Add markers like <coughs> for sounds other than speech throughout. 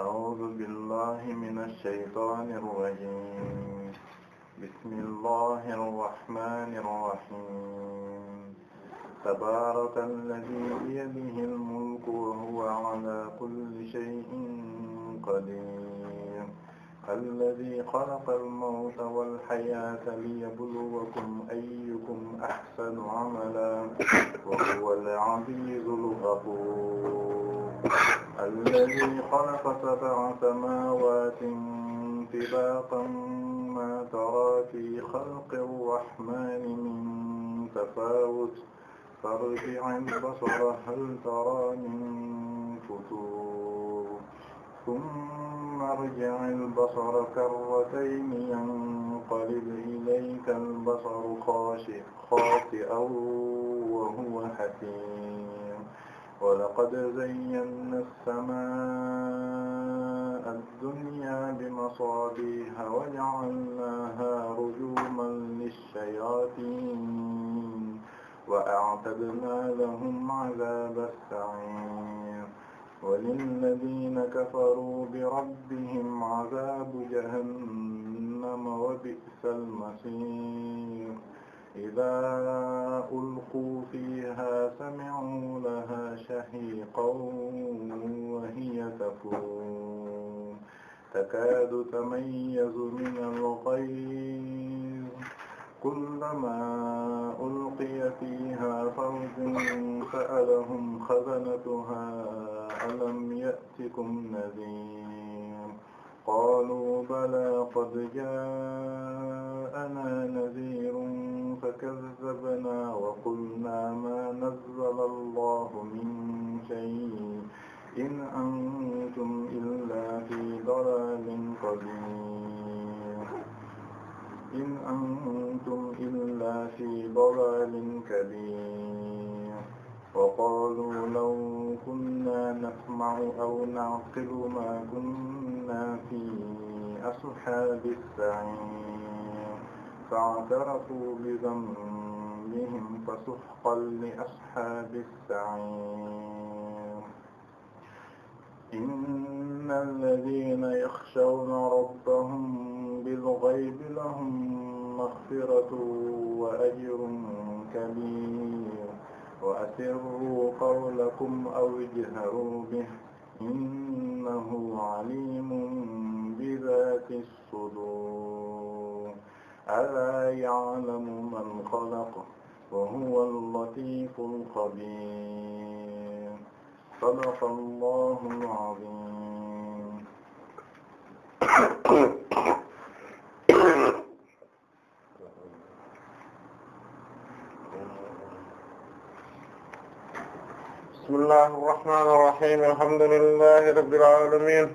أعوذ بالله من الشيطان الرجيم بسم الله الرحمن الرحيم تبارك الذي بيده الملك وهو على كل شيء قدير الذي خلق الموت والحياة ليبلوكم أيكم أحسن عملا وهو العزيز الغفور الذي خلق سبع سماوات طباقا ما ترى في خلق الرحمن من تفاوت فارجع البصر هل ترى من فتور ثم ارجع البصر كرتين ينقلب إليك البصر خاسئا وهو حسير ولقد زينا السماء الدنيا بمصابيح وجعلناها رجوما للشياطين وأعتدنا لهم عذاب السعير وللذين كفروا بربهم عذاب جهنم وبئس المصير إذا ألقوا فيها سمعوا لها شهيقا وهي تفور تكاد تميز من الغيظ كلما ألقي فيها فوج سألهم خزنتها ألم يأتكم نذير قالوا بلى قد جاءنا نذير فكذبنا وقلنا ما نزل الله من شيء إن أنتم إلا في ضلال قدير إن أنتم إلا في ضلال كبير وقالوا لو كنا نسمع أو نعقل ما كنا في أصحاب السعير فاعترفوا بذنبهم فسحقا لأصحاب السعير إن الذين يخشون ربهم بالغيب لهم مغفرة وأجر كبير وأسروا قولكم أو اجهروا به إنه عليم بذات الصدور alaa ya'lamu man xalaqa wa huwa al-latiifu al-xabiir sadaqa allahu al-aziim bismillahi rahmaani rahiim alhamdulillahi rabbil aalamiin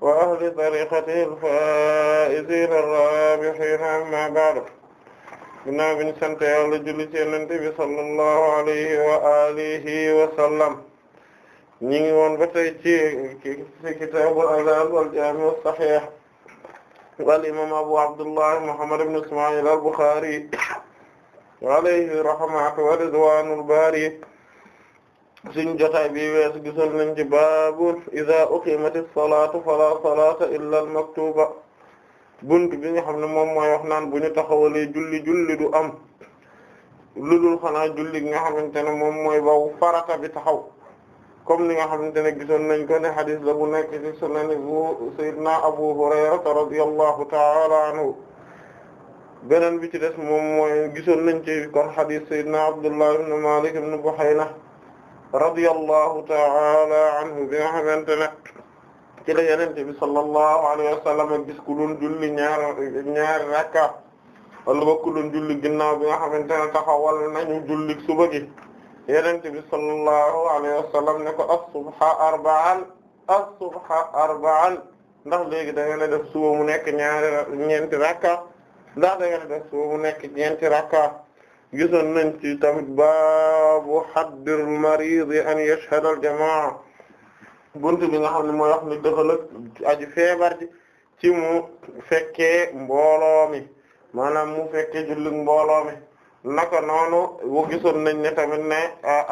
wa ahli tariqatihi al-faa'iziina ar-raabihiina ammaa ba'du ginnaaw bi ñu sant Yàlla julli ci Yonent bi sallallahu alayhi wa alihi wa sallam ñu ngi woon ba tey ci kitaabul adaan wal jaami' as-sahiih wal imaam Abu Abdullah Muhammad ibn Ismaa'iil al-Bukhaari alayhi rahmatu wa ridwaanul baari suñu jotaay bi weesu gisoon nañ ci baabul iza uqiimati salaatu fala salaata illa al maktuba bunt bi nga xam ne moom mooy wax naan bu ñu taxawalee julli julli du am lu dul xanaa julli gi nga xamante ne moom mooy baw farata bi taxaw comme ni nga xamante ne gisoon nañ ko ne hadis la bu nekk ci sunan bu sayyidina abu hurayrata radiyallahu ta'ala anhu beneen bi ci des moom mooy gisoon nañ ci kon hadis sayyidina abdullah ibn malik ibn buhayna radiyallahu ta'ala anhu bi nga xamante ne ci la yenente bi sallallahu alayhi wa sallam gis ku doon julli ñaar ñaari rakka wala ba ku doon julli ginnaaw bi nga xamante ne taxawal nañu julli suba gi yenente bi sallallahu alayhi wa sallam ne ko as-subha arba'an as-subha arba'an ndax léegi da ngeen a def suba mu nekk ñaari ñeenti rakka ndax da ngeen a def suba mu nekk ñeenti rakka gisoon nañ ci tamit baabu xaddir marid an yashhad al jamaa buntu bi nga xam ne mooy wax ni dëgg aji feebar ji ci mu fekkee mbooloo mi mu fekke julli mbooloo mi naka noonu wo gisoon nañ ne tamit ne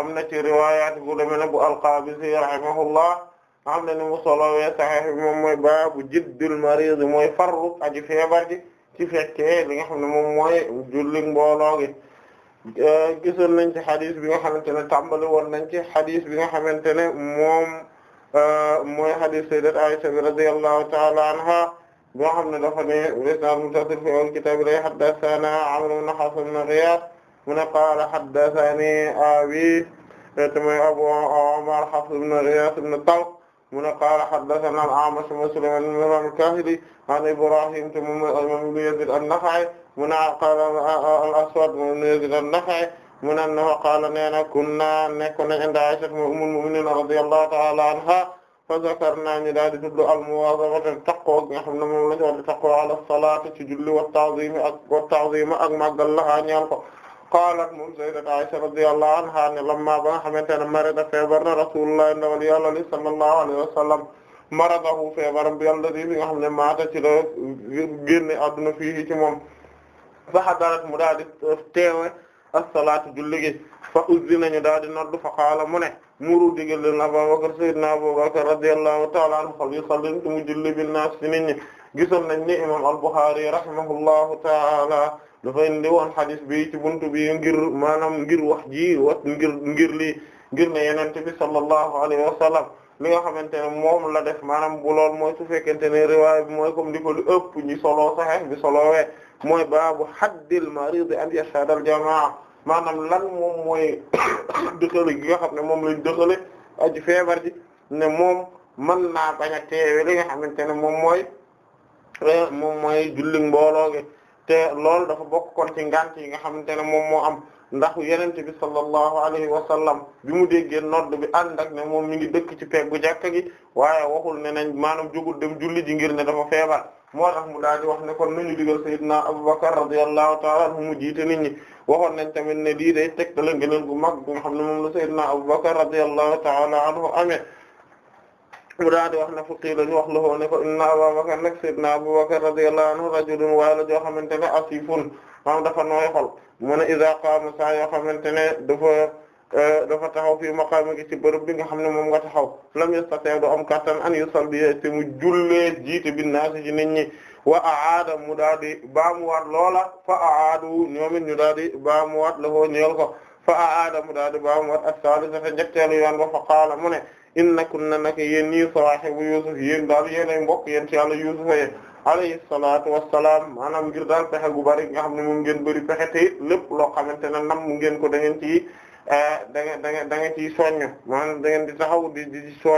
am na ci riwaayaat bu demee ne bu al-Qabisi rahimahullah am na ni mu solowee Sahih bi moom mooy baabu jiddul marid mooy farru aji feebar ji ci fekkee li nga xam ne moom mooy julli mbooloo gi Euh, gisoon nañ ci xadis bi nga xamante ne tàmbali woon nañ ci xadis bi nga xamante ne moom euh, mooy xadis sayyidat Aisha bi radiyallahu ta'ala anha boo xam ne dafa ne isnad muttasil fi al kitab lay haddathana Amr ibn Hasan ibn Ghiyath mu ne qaala haddathani abi tamay Abu Umar Hafs ibn Ghiyath ibn Talq mu ne qaala haddathana al-A'mash Muslim al-Kahili an Ibrahim mu ne qaala al-Aswad ibn Yazid an-Nakha'i mu ne annahu qaala nee na kunna nekkoon nañu inda Aisha ummul mu'minin radiyallahu ta'ala anha fa zakarna ñu daal di tudd al-muwaazabata taqoo gi nga xam ne moom la ñu war di taqoo ala salaati ci julli wa ta'ziim ak wa ta'ziim ak màggal la ah, ñeel ko qaalat moom sayyidat Aisha radiyallahu anha ne lamma ba nga xamante ne marida feebar na rasulullah ndawal yàlla li sallallahu alayhi wa sallam maradahu feebaram bi yàlla di li nga xam ne maata ci la génne adduna fii ci moom fa hadarat mu daal di euh, teewe as-salaatu julli gi fa uzzina ñu daal di noddu fa qaala mu ne muru digal leen Abubakar sayyidina Abubakar radiyallahu ta'ala anhu fal yusalli mu julli bin naas ci nit ñi gisoon nañ ni imam al-Bukhari rahimahullahu ta'ala dafa indi woon hadis bi ci buntu bi ngir maanaam ngir wax ji wax ngir ngir lii ngir ne yenente bi sallallahu alayhi wa sallam li nga xamante ne moom la def maanaam bu lool mooy su fekkente ne riwaay bi mooy comme di ko lu ëpp ñi solo saxex bi solowee mooy baabu haddil marid an yashhad al jamaa maanaam lan moom mooy <coughs> dëxale gi nga xam ne moom lañ dëxale aji feebar ji ne moom mën naa bañ a teewe li nga xamante ne moom mooy eh, moom mooy julli mbooloo gi te loolu dafa bokk kon ci ngant yi nga xamante ne moom moo am ndax yenente bi sallallahu alayhi wa bi mu déggee nodd bi ànd ne moom mi ngi dëkk ci gu jàkka gi waaye waxul ne nañ maanaam jugul dem julli ji ngir ne dafa feebar moo tax mu daal di wax ne kon nañu digal sayyidina Abubakar radiyallahu ta'ala anhu mu nañ tamit ne lii day tegtal ngëneel gu mag bu ne moom la sayyidina Abubakar radiyallahu ta'ala anhu amee mu daal di wax ne fu qiila ñu wax la ko ne ko inna Abubakar nag sayyidina Abubakar radiyallahu anhu rajulun waaye la joo xamante ne asifun maanaam dafa nooy xol mu ne iza qaama saa yoo xamante ne dafa euh, dafa taxaw fii maqaama gi ci bërëb bi nga xam ne moom nga taxaw lam yastati du am kattan an yusalli te mu jullee jiite binnaasi ci nit ñi wa aada mu daal di baamuwaat loola fa aadu ñoom it ñu daal di baamuwaat la foo ñeel ko fa aada mu daal di baamuwaat as-salisata ñetteelu yoon ba fa qaala mu ne innakunna naka yéen ñii sawaahibu Yuusuf yéen daal yéenay mbokk yéen ci Yàlla Yuusuf yéen alayhi salaatu wassalaam maanaam ngir daal pexe gu bari nga xam ne moom ngeen bëri pexe te it lépp loo xamante ne nam mu ngeen ko da ngeen ci eh, da ngeen da ngeen da ngeen ciy soññ maanaam da ngeen di taxaw di di ci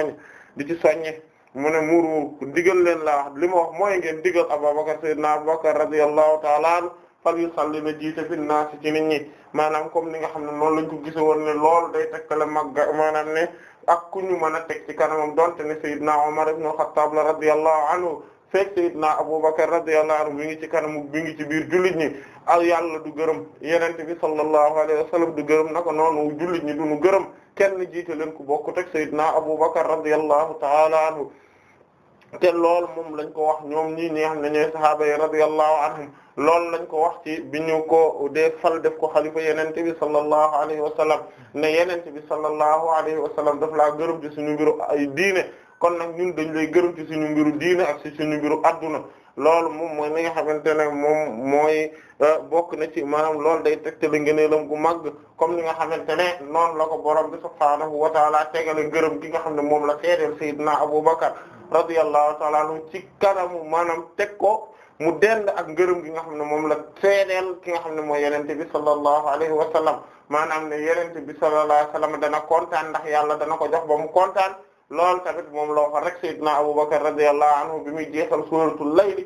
di ci soññe mu ne muru digal leen laa wax li ma wax mooy ngeen digal Abubakar sayyidina Abubakar radiyallahu ta'ala anhu fal yusalli na jiite fi naas ci nit ñi maanaam comme ni nga xam ne noonu lañ ko gise woon ne loolu day tekkale magga maanaam ne ak ku ñu mën a teg ci kanamam donte ne sayyidina Umar ibn al-Khattab la radiyallahu anhu fekk sayyidina Abubakar radiyallahu anhu mi ngi ci kanamu mi ngi ci biir jullit ñi ak yàlla du gërëm yenente bi sallallahu alayhi wa sallam du gërëm naka noonu jullit ñi duñu gërëm kenn jiite leen ku bokkut ak sayyidina Abubakar radiyallahu ta'ala anhu te loolu moom lañ ko wax ñoom ñii ñi xam ne ñooy sahaaba yi lañ ko wax ci bi ñu ko dee fal def ko xalifa yenente bi sallallahu alayhi wa sallam ne yenente bi sallallahu alayhi wa sallam daf laa gërëm ci suñu mbiru ay diine kon nag ñun dañu lay gërëm ci suñu mbiru diina ak si suñu mbiru adduna loolu moom mooy li nga xamante ne moom mooy euh, bokk na ci maanaam loolu day tegtale ngëneelam gu màgg comme li nga xamante ne noonu la ko borom bi subhaanahu wa taala tegale ngërëm gi nga xam ne moom la seedeel Seydina Abubakar radiyallahu taala anhu ci kanamu maanaam teg ko mu dend ak ngërëm gi nga xam ne moom la seedeel ki nga xam ne mooy yenente bi sallallahu alayhi wa maanaam ne yenente bi sallallahu alayhi wa sallam dana kontaan ndax yàlla dana ko jox ba mu kontaan loolu tamit moom la waxoon rek sayyidna Abubakar radiyallahu anhu bi muy jeexal suuratul layl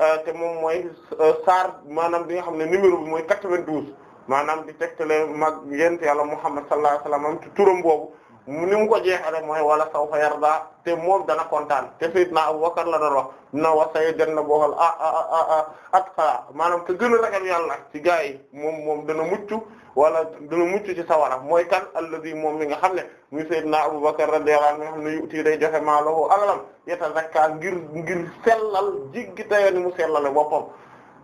euh, te moom mooy euh, saar maanaam bi nga xam ne numéro bi mooy quatre-vingt-douze maanaam di tegtale mag yent yàlla Muhammad sallallahu alayhi wasallam ci turam boobu ni mu ko jeexale mooy wala sawfa yarda te moom dana kontaan te sayyidna Abubakar la doon wax na wa sayyidanna boxal ah ah ah ah atqa maanaam te gën a ragal yàlla ci gaa yi moom moom dana mucc wala dana mucc ci sawara mooy kan alladhi moom mi nga xam ne muy sayyidna Abubakar radiyallahu anhu mi nga xam ne yutii day joxe maalahu alalam yatazakka ngir ngir sellal jiggi tayoo ni mu sellale boppam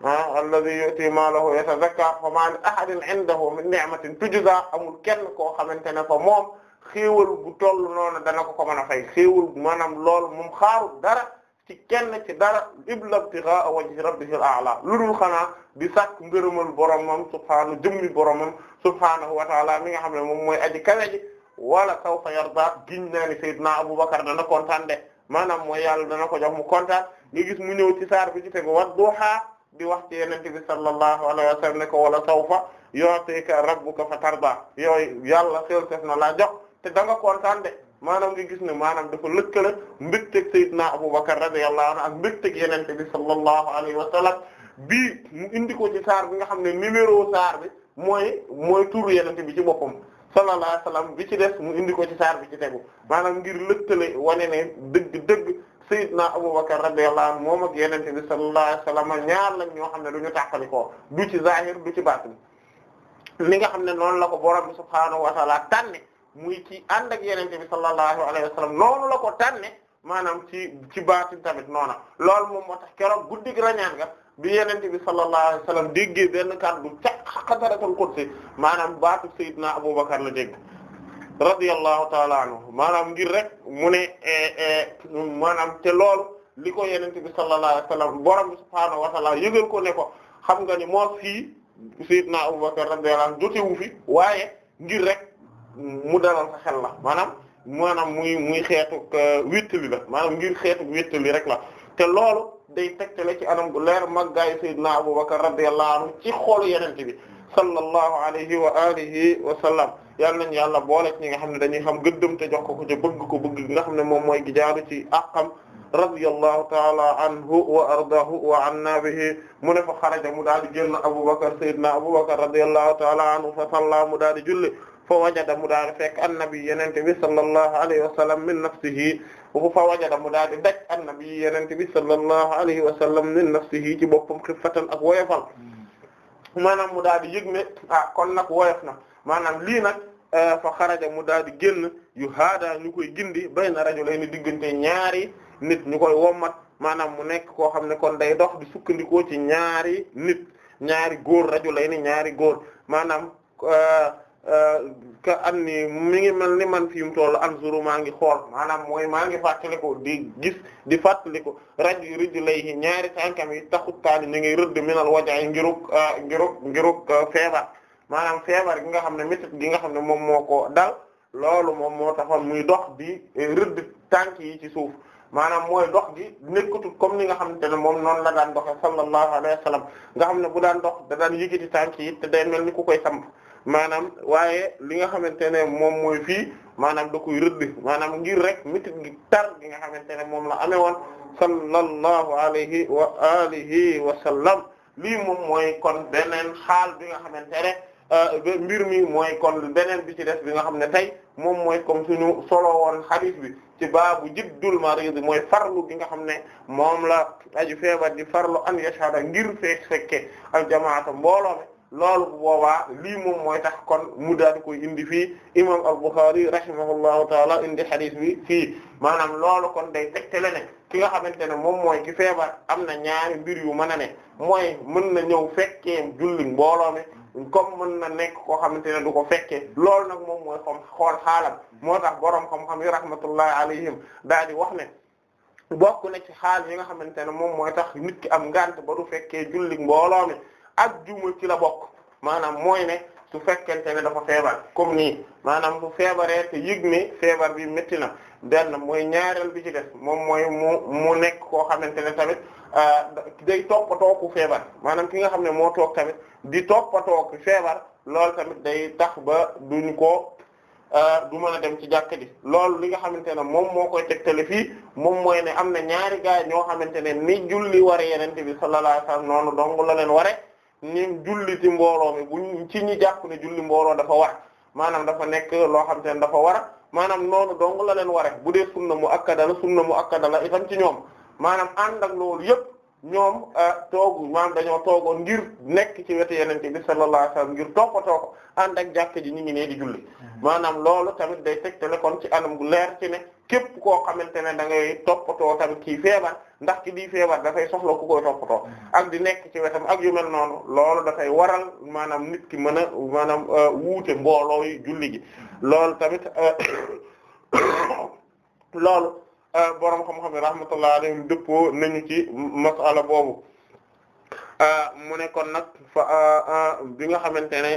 ah alladhi yu'ti maalahu yatazakka fa ma li ahadin indahu min ni'matin tujza amul kenn koo xamante ne fa moom xéewal bu toll noonu dana ko ko mën a fay xéewal maanaam lool moom xaaru dara ci kenn ci dara illa ibtigha wajhi rabbihil a'la lu dul xanaa di sàkk ngërëmal boromam subhaanahu jëmmi boromam subhaanahu wa ta'ala mi nga xam ne moom mooy aji kawe ji wala sawfa yarda giñ naa ni sayyidina Abubakar dana kontaan de maanaam mooy yàlla dana ko jox mu kontaan nga gis mu ñëw ci saar bi ci tegu wadduha di wax ci yenente bi sallallahu alayhi wa sallam ne ko wala sawfa yu'tika rabbuka fatarda yooyu yàlla xel def na laa jox te danga nga kontaan de maanaam nga gis ne maanaam dafa lëkkale mbégteeg Seydina Abubakar radiyallahu anhu ak mbégteeg Yonent bi sallallahu alayhi wa sallam bii mu indi ko ci saar bi nga xam ne numéro saar bi mooy mooy turu Yonent bi ci boppam sallallahu alayhi wa sallam bi ci des mu indi ko ci saar bi ci tegu maanaam ngir lëkkale wane ne dëgg dëgg Seydina Abubakar radiyallahu anhu moom ak Yonent bi sallallahu alayhi wa ñaar lañ ñoo xam ne du ñu tàqali ko du ci zahir du ci baatin li nga xam ne noonu la ko borom bi subhaanahu wa ta'ala tànne muy ki ànd ak yenente bi sallallahu alayhi wa sallam noonu la ko tànne maanaam ci ci baatin tamit noona loolu moom moo tax keroog guddig rañaan nga bi yenente bi sallallahu alayhi wa sallam déggee benn kàddu ca xadaratul qudsi maanaam baatu sayyidina Abubakar la dégg radiyallahu taala anhu maanaam ngir rek mu ne e, e, maanaam te lool li ko yenente bi sallallahu alayhi wa sallam borom bi subhaanahu wa taala ko ne ko xam nga ni moo fii sayyidina Abubakar radiyallahu anhu fi waaye ngir rek mu dalal sa xel la maanaam maanaam muy muy xeetu euh, wéttali la maanaam ngir xeetu wéttali rek la te loolu day tegtale ci anam gu leer màggaayu sayyidina Abubakar radiyallahu anhu ci xolu yenente bi sallallahu alayhi wa alihi wa sallam yal nañ yàlla boole ñi nga xam ne dañuy xam gëddëm te jox ko ko ca bëgg ko bëgg gi nga xam ne moom mooy gi jaaru ci àqam radiyallahu taala anhu wa ardahu wa anna bihi mu ne fa xaraja mu daal di génn Abubakar sayyidina Abubakar radiyallahu taala anhu fa salla mu daal di julli fa wajada mu daal di fekk annabi yenente bi sallallahu alayhi wa min nafsihi fa wajada mu daal di daj annabi yenente bi sallallahu alayhi wa sallam min nafsihi ci boppam xiffatan ak woyofal maanaam mu daal di yëg ne ah kon nag woyof na maanaam lii nag eh, fa xaraja mu daal di génn yu haada ñu koy gindi bayna rajulayni diggante ñaari nit ñu koy wommat maanaam mu nekk koo xam ne kon day dox di sukkandikoo ci ñaari nit ñaari góor rajulayni ñaari góor maanaam eh, ka euh, am ni mi ngi mel ni man fi mu toll anzuru maa ngi xool maanaam mooy maa ngi fàttaliko di gis di fàttaliko raj rëdd lay ñaari tànkam yi ta ñu ngi rëdd minal wajaay euh, ngiruk ngiruk ngiruk euh, feebar maanaam feebar gi nga xam ne métit gi nga xam ne moom moo ko dal loolu moom moo taxoon muy dox di rëdd tànk yi ci suuf maanaam mooy dox gi nekkatul comme ni nga xam ne moom noonu la daan doxe sallallahu alayhi wa sallam nga xam ne bu daan dox da daan yëgiti tànk yi te day mel ni koy samp maanaam waaye li nga xamante ne moom mooy fii maanaam da koy rëdd maanaam ngir rek mitit gi tar gi nga xamante ne moom la amee woon sallallahu alayhi wa alihi wa sallam lii moom mooy kon beneen xaal bi nga xamante ne euh, mbir mi mooy kon beneen bi ci def bi nga xam ne tey moom mooy comme suñu solo woon hadith bi ci baabu jiddul marid mooy farlu gi nga xam ne moom la aju feebar di farlu an yashhada ngir fekk fekke al jamaata mbooloo loolu bu lii moom mooy tax kon mu daal di koy indi fii imam al-Bukhari rahimahullahu taala indi xadis bi fii maanaam loolu kon day tegtale ne ki nga xamante ne moom mooy ki feebar am na ñaari mbir yu mën a ne mooy mën na ñëw fekke julli mbooloo mi comme mën na nekk koo xamante ne du ko fekkee loolu nag moom mooy xam xool xaalam moo tax boroom xam-xam yi rahmatullahi alayhim daal di wax ne bokk na ci xaal yi nga xamante ne moom mooy tax nit ki am ngant ba du fekkee julli mbooloo ajjuma ci la bokk maanaam mooy ne su fekkente ne dafa feebar comme nii maanaam su feebaree te yëg ne feebar bi métti na benn mooy ñaareel bi ci def moom mooy mu mu nekk koo xamante ne tamit euh, day toppatoo ku feebar maanaam ki nga xam ne moo toog tamit di toppatoo ku feebar loolu tamit day tax ba duñ ko euh, du mën dem ci jàkk ji loolu li nga xamante ne moom moo koy tegtale fii moom mooy ne am na ñaari gaay ñoo xamante ne ni julli ware yenente bi sallallahu alayhi wasallam noonu dong la leen ware ñi julli ci mbooloo mi buñ ci ñi jàpp ne julli mbooloo dafa war maanaam dafa nekk loo xam te ne dafa war maanaam noonu dong la leen ware bu dee sunna mu akkada la sunna mu akkada la itam ci ñoom maanaam ànd ak loolu yëpp ñoom ah, toogu maam dañoo toogoon ngir nekk ci wetu yenente bi sallallahu alayhi wasallam ngir toppatoo ko ànd ak jàkka ji ñu ngi ne di julli mhm. maanaam loolu tamit day tegtale kon ci anam gu leer ci ne képp koo xamante ne da ngay toppatoo tamit kii feebar ndax ki di feebar dafay soxla ku koy toppatoo mhm. ak di nekk ci wetam ak yu mel noonu loolu dafay waral maanaam nit ki mën a maanaam ah, wuute mbooloo yi julli gi mhm. loolu tamit ah, <coughs> loolu Euh, borom xam-xam rahmatullahi alayhim dëppoo nañu ci masala boobu euh, mu ne kon nag fa euh, bi nga xamante ne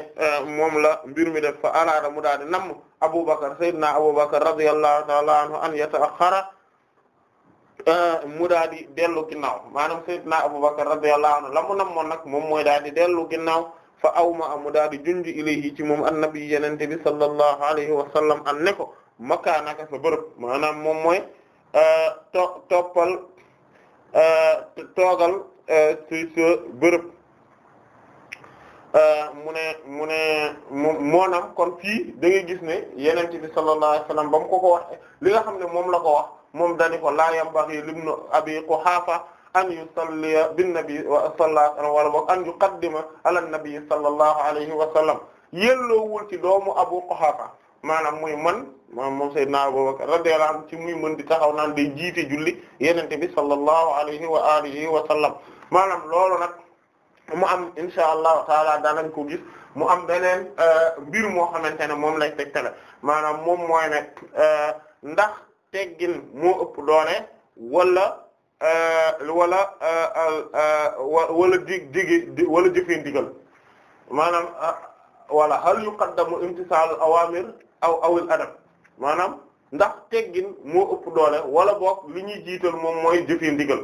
moom la mbir mi def fa alaada mu daal di namm Aboubacar Seydina Aboubacar radiyallahu ta'ala anhu an yata'akhkhara mu daal di dellu ginnaaw maanaam Seydina Aboubacar radiyallahu anhu la mu namoon nag moom mooy daal di dellu ginnaaw fa awma a mu daal di junj ilayhi ci moom annabi yenente bi sallallahu alayhi wa an ne ko makkaanaka bërëb maanaam moom mooy to toppal uh, toogal uh, ci sa bërëb uh, mu ne mu kon fii da ngay gis ne yonent bi sallallahu alayhi wasallam ba ko ko wax li nga xam ne moom la ko wax moom dani ko la yambaghi libnu abi quhafa an yu yusalliya bin nabi wa sallallahu alayhi wa sallam an yuqaddima ala nabi sallallahu alayhi wa sallam yelloowul ci doomu abu quhafa maanaam muy mën maanaam moom Seydina Abubakar radiyallahu anhu ci muy mën di taxaw naan day jiite julli yenente bi sallallahu alayhi wa alihi wa sallam maanaam loolu nag mu am insha allahu taala daanañ ko gis mu am beneen euh, mbir moo xamante ne moom lay tegtale maanaam moom mooy nag euh, ndax teggin moo ëpp doole wala euh, wala wala di digi wala jëfee ndigal maanaam wala hal yuqaddamu imtisal awamir aw awil adab maanaam ndax teggin moo ëpp doole wala boog li ñuy jiital moom mooy jëfee ndigal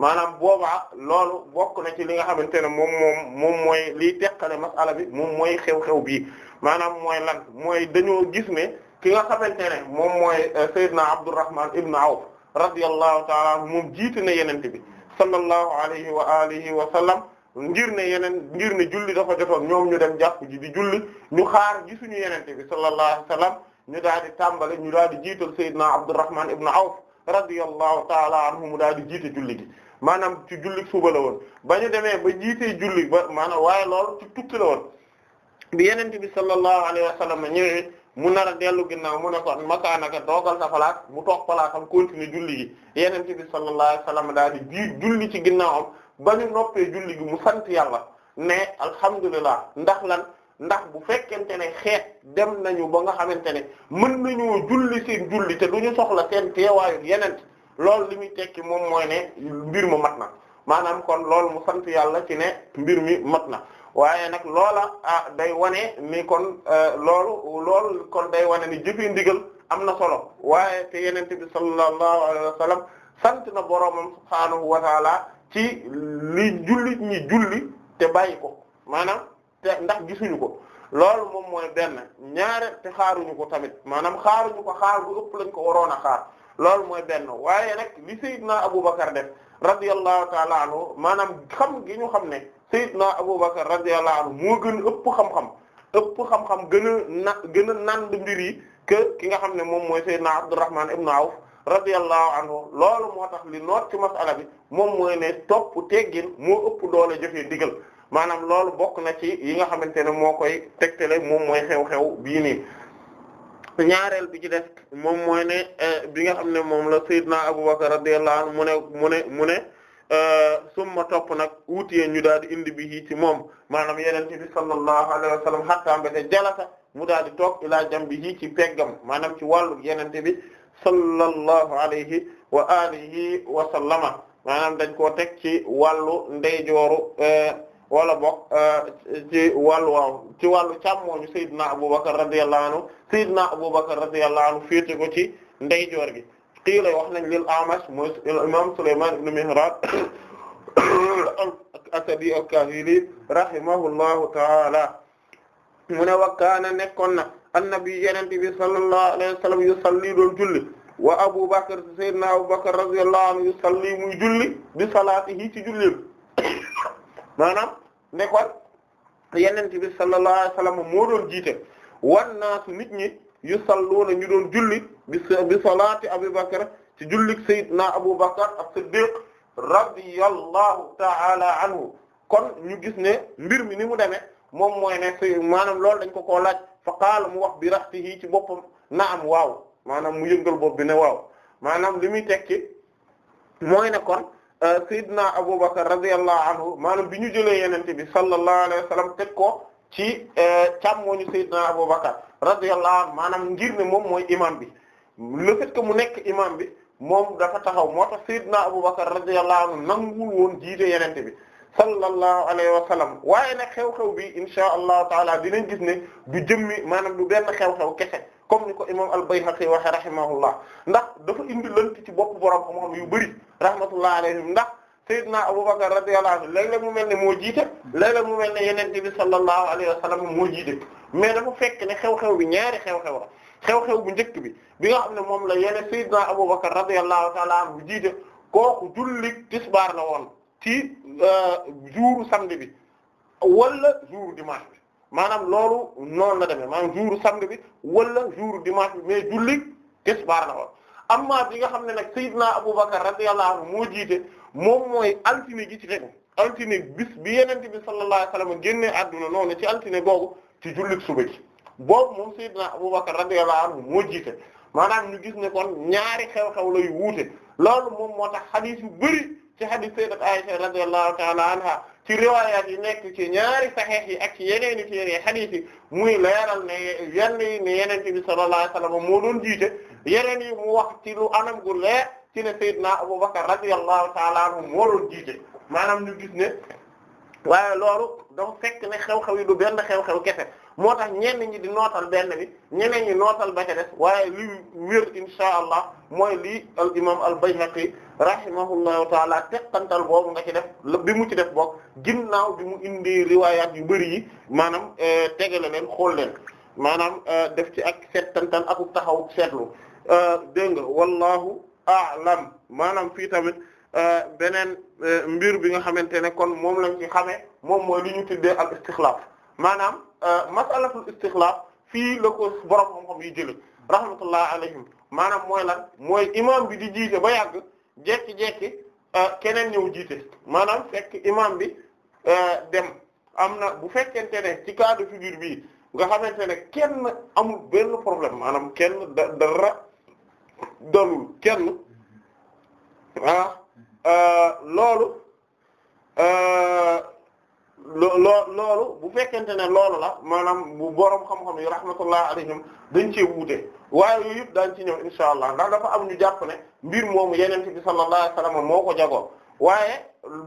maanaam boobaa loolu bokk na ci li nga xamante ne moom moom moom mooy liy teqale masala bi moom mooy xew-xew bi maanaam mooy lan mooy dañoo gis ne ki nga xamante ne moom mooy euh, Seydina Abdurrahman ibn Awf radiyallahu ta'ala anhu moom jiitu na yenente bi sallallahu alayhi wa alihi wa sallam ngir ne yeneen ngir ne julli dafa jotoon ñoom ñu dem jàpp ji di julli ñu xaar gisuñu yenente bi sallallahu alayhi wasallam ñu daal di tàmbale ñu daal di jiital Seydina Abdurrahman ibn Awf radiyallahu taala anhu mu daal di jiite julli gi maanaam ci julli suba la woon ba ñu demee ba jiitee julli ba maanaam waaye lool ci tukki la woon bi yenente bi sallallahu alayhi wasallam ñëwee mu nar a dellu ginnaaw mu ne ko makaanaka doogal sa palaat mu toog palaatam continuer julli gi yenente bi sallallahu alayhi wasallam daal di ji julli ci ginnaawam ba ñu noppee julli gi mu sant yàlla ne alhamdulilah ndax lan ndax bu fekkente ne xeet dem nañu ba nga xamante ne mën nañoo julli seen julli te du ñu soxla seen teewaayu yeneen lool li muy tekki moom mooy ne mbir mu mat na maanaam kon loolu mu sant yàlla ci ne mbir mi mat na waaye nag loola a ah, day wane mi kon eh, loolu loolu kon day wane ni jëfi ndigal am na solo waaye te yenente bi sallallahu alayhi wa sant na boroomam subhaanahu wa taala ci li jullit ñi julli te bàyyi ko maanaam te ndax gisuñu ko loolu moom mooy benn ñaare te xaaruñu ko tamit maanaam xaaruñu ko xaar bu ëpp lañ ko waroon a xaar loolu mooy benn waaye nag li Seydina Aboubacar def radiyallahu taala anhu maanaam xam gi ñu xam ne seyt Seydina Aboubacar radiyallahu anhu moo gën ëpp xam-xam ëpp xam-xam gën na gën a nand mbir yi que ki nga xam ne moom mooy Seydina Abdourahman ibn Awf radiyallahu anhu loolu moo tax li noot ci masala bi moom mooy ne topp teggin mu ëpp doole jëfee digal maanaam loolu bokk na ci yi nga xamante ne moo koy tegte tegtale moom mooy xew-xew bii nii ñaareel bi ci def moom mooy ne eh, bi nga xam ne moom la Seydina Abubakar radiyallahu anhu mu ne mu ne mu ne eh, summa topp nag uutiyee ñu daal di indi bi ci moom maanaam yeneen bi sallallahu alayhi wa sallam mbete jalasa mu daal di toog bi jambihi ci peggam maanaam ci wàllu yenente bi sallallahu alayhi wa alihi wa sallama maanaam dañ koo teg ci wàllu ndeyjooru eh, wala bokk eh, ci wàllu waaw ci wàllu càmmooñu Seydina Aboubacar radiyallahu anhu Seydina Aboubacar radiyallahu anhu féete ko ci ndeyjoor gi qiila wax nañ lil Amash mooy imam Sulayman ibn Mihraan <coughs> al-Asadi al-Kahili rahimahullahu ta'ala mu ne wakkaana nekkoon na annabi yenente bi sallallahu alayhi wa sallam yusalli doon julli wa Abu Bakr sayyidina Abu Bakr radiyallahu anhu yusalli muy julli bi salaatihi ci julleem <coughs> maanaam ne kon yenente doon jiite wan nit ñi yusalluuna ñu doon julli bi bi salaati Abu Bakr ci julli sayyidina Abu Bakr as-Siddiq radiyallahu ta'ala anhu kon ñu gis ne mbir mi ni mu demee moom mooy ne maanaam loolu dañ ko ko laaj fa qaala mu wax bi raxtihi ci boppam naam waaw maanaam mu yëngal bopp bi ne waaw maanaam li muy tekki mooy ne kon euh, Seydina Abubakar radiyallahu anhu maanaam bi ñu jëlee yenente bi sallallahu alayhi wa sallam teg ko ci euh, càmmooñu Seydina Abubakar radiyallahu anhu maanaam ngir ne moom mooy imam bi le fait mu nekk imam bi moom dafa taxaw moo tax Seydina Abubakar radiyallahu anhu nanguwul woon jiite yenente bi sallallahu alayhi wa sallam waaye nag xew-xew bi insha allahu taala dinañ gis ne du jëmmi maanaam du benn xew-xew kese comme ni ko imam al-Bayhaqi waxe rahimahullah ndax dafa indi lënt ci bopp borom xam-xam yu bëri rahmatullah alayhim ndax sayyidna Abubakar radiyallahu anhu léeg-léeg mu mel ne moo jiite léeg-léeg mu mel ne yeneen bi sallallahu alayhi wa sallam moo jiite mais dafa fekk ne xew-xew bi ñaari xew-xew la xew-xew bu njëkk bi bi nga xam ne moom la yeneen sayyidna Abubakar radiyallahu taala anhu jiite kooku julli tisbaar la woon ci euh, jour samedi bi wala jour dimanche bi maanaam loolu noonu la demee maanaam jour samedi bi wala jour dimanche bi mais julli tisbaar la woon amma bi nga xam ne nag Seydina Aboubacar radiyallahu anhu moo jiite moom mooy altine gi ci tegu altine bis bi yeneen bi sallallahu alayhi wasallam adduna àdduna noonu ci altine googu ci jullit suba ji boobu moom Seydina Aboubacar radiyallahu anhu moo jiite maanaam ñu gis ne kon ñaari xew-xew lay wuute loolu moom moo tax xadiis bari ci hadith sayyidat Aisha radiyallahu ta'ala anha ci riwaayaat yi nekk ci ñaari saxiix yi ak ci yeneen i téere hadith yi muy leeral ne yenn yi bi sallallahu alayhi wasallam moo doon jiite yeneen yi mu wax ci anam gu le ci ne sayyidna Abu Bakr radiyallahu ta'ala anhu moo doon jiite maanaam ñu gis ne waaye loolu dafa fekk ne xew-xew yi du benn xew-xew kese. moo tax ñenn ñi di nootal benn bi ñeneen ñi nootal ba ca des waaye li wér insha allah mooy lii al imam al bayhaqi rahimahullahu taala teqantal boobu nga ci def bi mu ci def boog ginnaaw bi mu indi riwaayaat yu bëri yi maanaam eh, tegale leen xool leen maanaam eh, def ci ak seettantal ak taxaw seetlu eh, dégg nga wallahu a'lam maanaam fii tamit beneen mbir bi nga xamante ne kon moom lañ ci xame moom mooy li ñu tuddee al istixlaaf maanaam Euh, masalatul istixlaaf fii la ko borom xam-xam yi jëlee rahmatullah alayhim maanaam mooy lan mooy imam bi di jiite ba yàgg jekki-jekki euh, keneen ñëw jiite maanaam fekk imam bi euh, dem am na bu fekkente ne ci cas de figure bii nga xamante ne kenn amul benn problème maanaam kenn da dara dalul kenn ah loolu. loo loolu bu fekkente ne loolu la maanaam bu borom xam-xam yi rahmatullah alayhim dañ cee wuute waaye yooyu yëpp daañ ci ñëw insha allah ndax dafa am ñu jàpp ne mbir moomu ti bi sallallahu alayhi wasallam moo ko jagoo waaye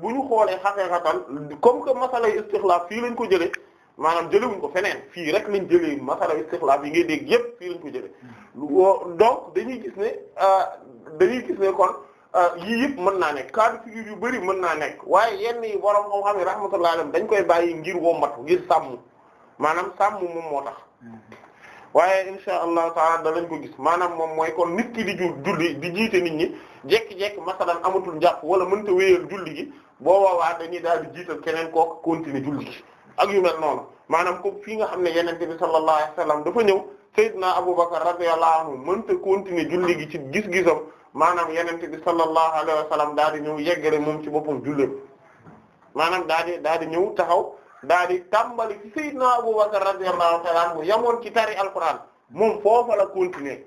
bu ñu xoolee xaqiiqatan comme que masala yu istixlaaf fii lañ ko jëlee maanaam jëlewuñ ko feneen fii rek lañ jëlee masala istixlaaf yi ngay dégg yëpp fii lañ ko jëlee hmm. donc dañuy gis ne euh, dañuy gis ne kon Ah, yii yëpp mën naa nekk cas de figure yu bëri mën naa nekk waaye yenn yi borom xam-xam yi rahmatullah alayhi dañ koy bàyyi ngir wombatu ngir sàmm maanaam sàmm moom moo tax waaye insha allahu taala danañ ko gis maanaam moom mooy kon nit ki di ju julli di jiite nit ñi jekki-jekki masalan amatul njàpp wala mënta wéyal julli gi boo waawaa dañuy daal di jiital keneen kooku continuer julli gi ak yu noonu maanaam comme fii nga xam ne yeneen bi sallallahu alayhi wasallam dafa ñëw Seydina Abubakar radiyallahu anhu mënta continuer julli gi ci gis-gisam maanaam yenente bi sallallahu alayhi wa sallam di ñëw yeggale moom ci boppam julleem maanaam daal daal di ñëw taxaw daal di tàmbali ci Seydina Abubakar radiyallahu ta'ala anhu yamoon ci tari alquran moom foofa la continuer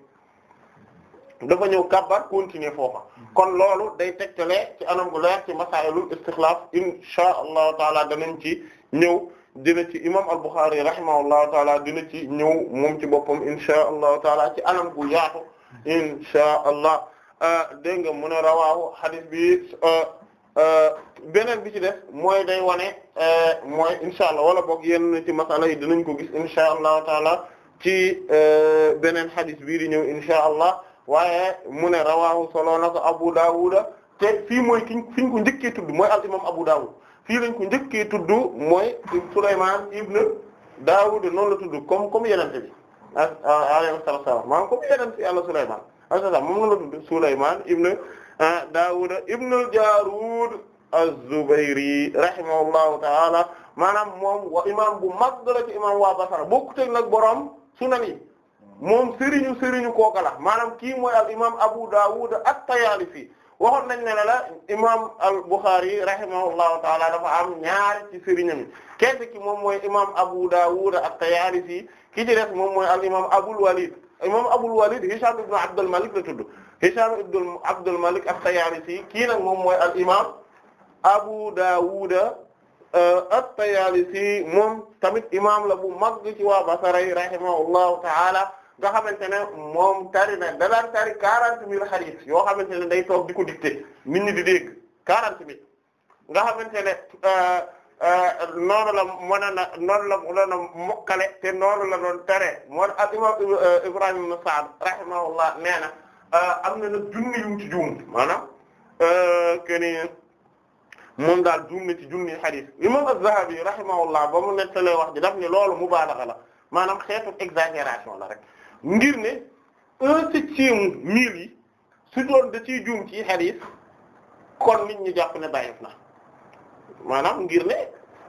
dafa ñëw kabbar continuer foofa kon loolu day tegtale ci anam gu leer ci masailul istixlaaf insha allahu taala danañ ci ñëw dina ci imam al-Bukhari rahimahullahu taala dina ci ñëw moom ci boppam inshaa allahu taala ci anam gu yaatu inshaa allah euh, dégg nga mu ne rawaahu hadith bi euh, euh, beneen bi ci def mooy day wane mooy inshaa allah wala boog yenn ci masala yi dinañ ko gis inshaa allahu taala ci beneen hadith bii di ñëw inshaa allah waaye mu ne rawaahu solo na ko Abu Dawud te fii mooy ki fi ñu ko njëkkee tudd mooy al imam Abu Dawud fii lañ ko njëkkee tudd mooy Sulaymaan ibn Daawud noonu la tudd kom comme yenente bi ak ah, ah, alayhi salaam maanaam comme yenente yàlla la tudd Sulaymaan ibn ah, Daawud ibn al-Jaaruud az ta'ala maanaam moom wa bu mag la ci imaam waa bokkut nag borom sunan yi moom sëriñu sëriñu kooka la maanaam kii mooy al imaam Abu Daawud at-Tayaalisi waxoon nañ ne la imaam al-Bukhari rahimahullahu taala dafa am ñaar ci sëriñam kenn ki moom mooy imaam Abu Dawud at-Tayalisi ki ci def moom mooy al imaam Abul Walid imaam Abul Walid Hisham ibn Abdul Malik la tudd Hisham ibn Abdul Malik at-Tayalisi kii nag moom mooy al imaam Abu Dawud euh, at-Tayalisi moom tamit imaam la bu mag ci waa Basra rahimahullahu taala nga xamante ne moom tari na da daan tari quarante mille hadith yoo xamante ne day toog di ko dicté nit ñi di dégg quarante mille nga xamante ne euh, euh, noonu la mën a na la doon a mokkale a noonu la doon tare moo al euh, Ibrahim ibn Sa'd rahimahullah nee na am na nag junni yu ci juum keni moom daal juum na ci junni hadith imam Az-Zahabi rahimahullah ba mu nettalee wax ji daf ne loolu mubaalaxa la maanaam xeetu exagération la rek ngir ne un septième mille yi su doon da ciy juum ci hadith kon nit ñu jàpp ne bàyyif na maanaam ngir ne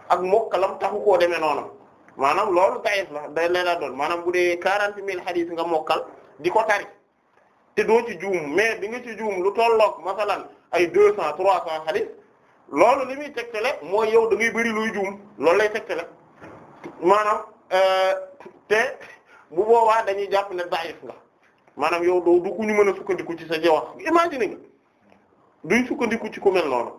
ak mokkalam taxu koo demee noonu maanaam loolu bàyyif la day la doon maanaam bu dee quarante mille hadith nga mokkal di ko tari te doo ci juum mais di nga ci juum lu tolloog masalan ay deux cent trois cent hadith loolu li muy tegtale mooy yow da ngay bëri luy juum loolu lay te tegtale maanaam euh, te bu boobaa dañuy jàpp ne daif nga maanaam yow doo du ku ñu mën a sukkandiku ci sa ji wax imagine nga duñ sukkandiku ci ku mel noonu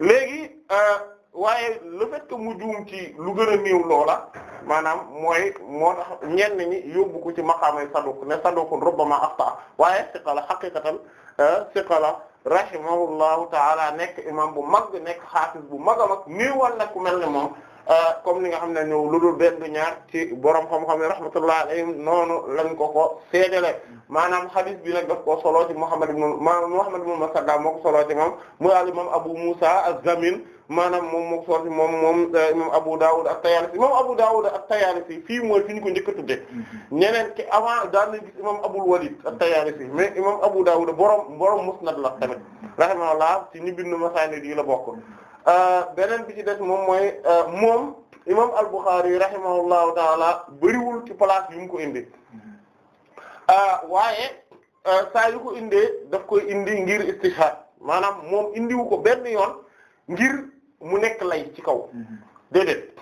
léegi euh, waaye le fait mu juum ci lu gën a néew loola maanaam mooy moo tax ñenn ñi yóbbu ko ci maqaamay saduq ne saduqun rubbama axta waaye siqala xaqiqatan euh, siqala rahimahullahu taala nekk imam bu mag nekk xaafis bu mag a mag néewal na ku mel ne moom Euh, comme ni nga xam ne ñëw lu dul benn ñaar ci borom xam-xam yi rahmatullah alayhim noonu lañ ko ko seedele maanaam hadith bi nag daf koo solo ci Muhammad ibn Muhammad ibn Musaddad moo ko solo ci moom mu al imam Abu Musa az-Zamin maanaam moom moo ko solo ci moom moom euh, imam Abu Dawud at-Tayalisi imam Abu Dawud at-Tayalisi fii mooy fi ñu ko njëkk a tudde mm-hmm. ñeneen ki avant daal nañ gis imam Abul Walid at-Tayalisi mais imam Abu Dawud borom borom musnad la tamit rahimahullah ci nu ma masaanid yi la bokk Euh, beneen bi ci des moom mooy euh, moom imam al-Bukhari rahimahullahu taala bëriwul ci place yu ko indi euh, waaye saa yu ko indee daf koy indi ngir istishhad maanaam moom indiwu ko benn yoon ngir mu nekk lay ci kaw déedéet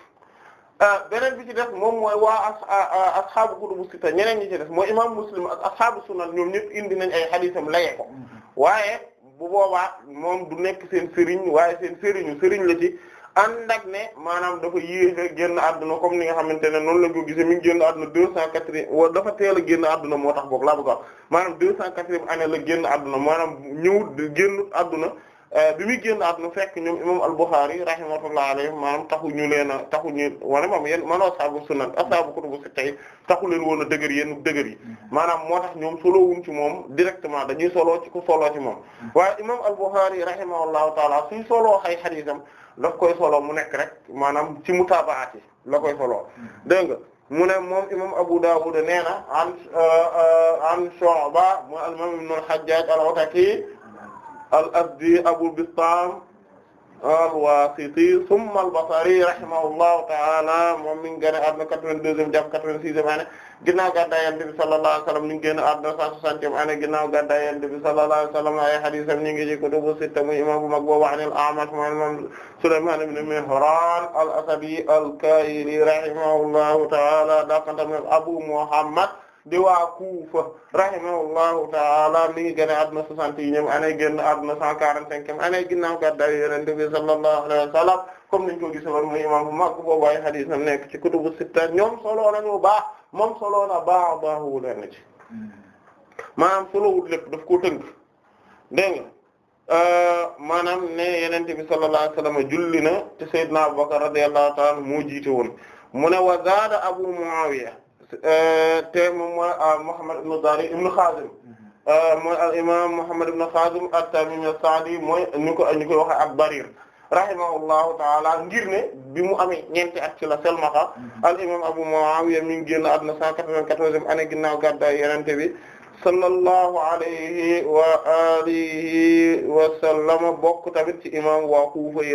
beneen bi ci des moom mooy waa as asxaabu kutubu sitta ñeneen ñi ci des mooy imam Muslim ak asxaabu sunan ñoom ñëpp indi nañ ay xadiisam layee ko mm-hmm. waaye bu boobaa moom du nekk seen sëriñ waaye seen sëriñu sëriñ la ci ànd ak ne maanaam dafa yii a génn àdduna comme ni nga xamante ne noonu lañ ko gisee mi ngi génn àdduna deux cent quatre wa dafa teel a génn àdduna moo tax boog laa bëgg a wax maanaam deux cent quatre année la génn adduna maanaam ñëw génn àdduna Euh, bi mu génn àdduna fekk ñoom imam al-Bukhari rahimahullah alayhi maanaam taxu ñu leen a taxu ñu wala moom yéen man ashaabu sunan ashaabu kutubu sitta taxu leen woon a dëgër yéen dëgër yi mm-hmm. maanaam moo tax ñoom solowuñ ci moom directement dañuy soloo ci ku soloo ci moom mm-hmm. waaye imam al-Bukhari rahimahullahu taala suñ soloo xay xadiisam daf koy soloo mu nekk rek maanaam ci mutaabaati la koy soloo mm-hmm. dégg nga mu ne moom imam Abu Dawud nee na an euh, euh, an Shu'ba mu al-imam Ibn al al-Azdi Abu Bistaam al-Waasiti thumma al-Basri rahimahullahu ta'ala moom mi ngi génn àdduna 82e jàpp 86e année ginnaaw gàddaay Yonent bi sallallahu alayhi wa sallam mi ngi génn àdduna 160e année ginnaaw gàddaay Yonent bi sallallahu alayhi wa sallam ay hadiisam ñu ngi ci kutubu sitta muy imaam bu mag boobu an al-A'mash moom Sulaymaan ibn Mihraan al-Asadi al-Kaahili rahimahullahu ta'ala daakantam Abu Muhammad di waa Kufa rahimahullahu ta'ala mi ngi génne àdduna soixante-et-unième année génn àdduna cent quarante-cinquième année ginnaaw gàddaay Yonent bi sallallahu alayhi wa sallam comme niñ ko gisoon muy imam bu mag boobu ay hadiisam nekk ci kutubu sitta ñoom solo nañu baax moom solo na baax baaxu leen ci maanaam solowul lépp daf ko tënk dégg nga euh, maanaam ne Yonent bi sallallahu alayhi wa sallam julli na te Seydina Abubakar radiyallahu ta'ala moo jiite woon mu ne wa zaada Abu Muawiya Euh, te moom mooy euh, Muhammad ibn Dari ibn euh, mooy al imam Muhammad ibn Khazim at-Tamimi as mooy ñu ko koy waxe ab Darir rahimahullahu taala ngir ne bi mu amee ñeenti at ci la selmaxa mm-hmm. al imam Abu Muawiya mi ngi génn àdduna 194e année ginnaaw gàddaay Yonent bi sallallahu alayhi wa ci imam waa Kufa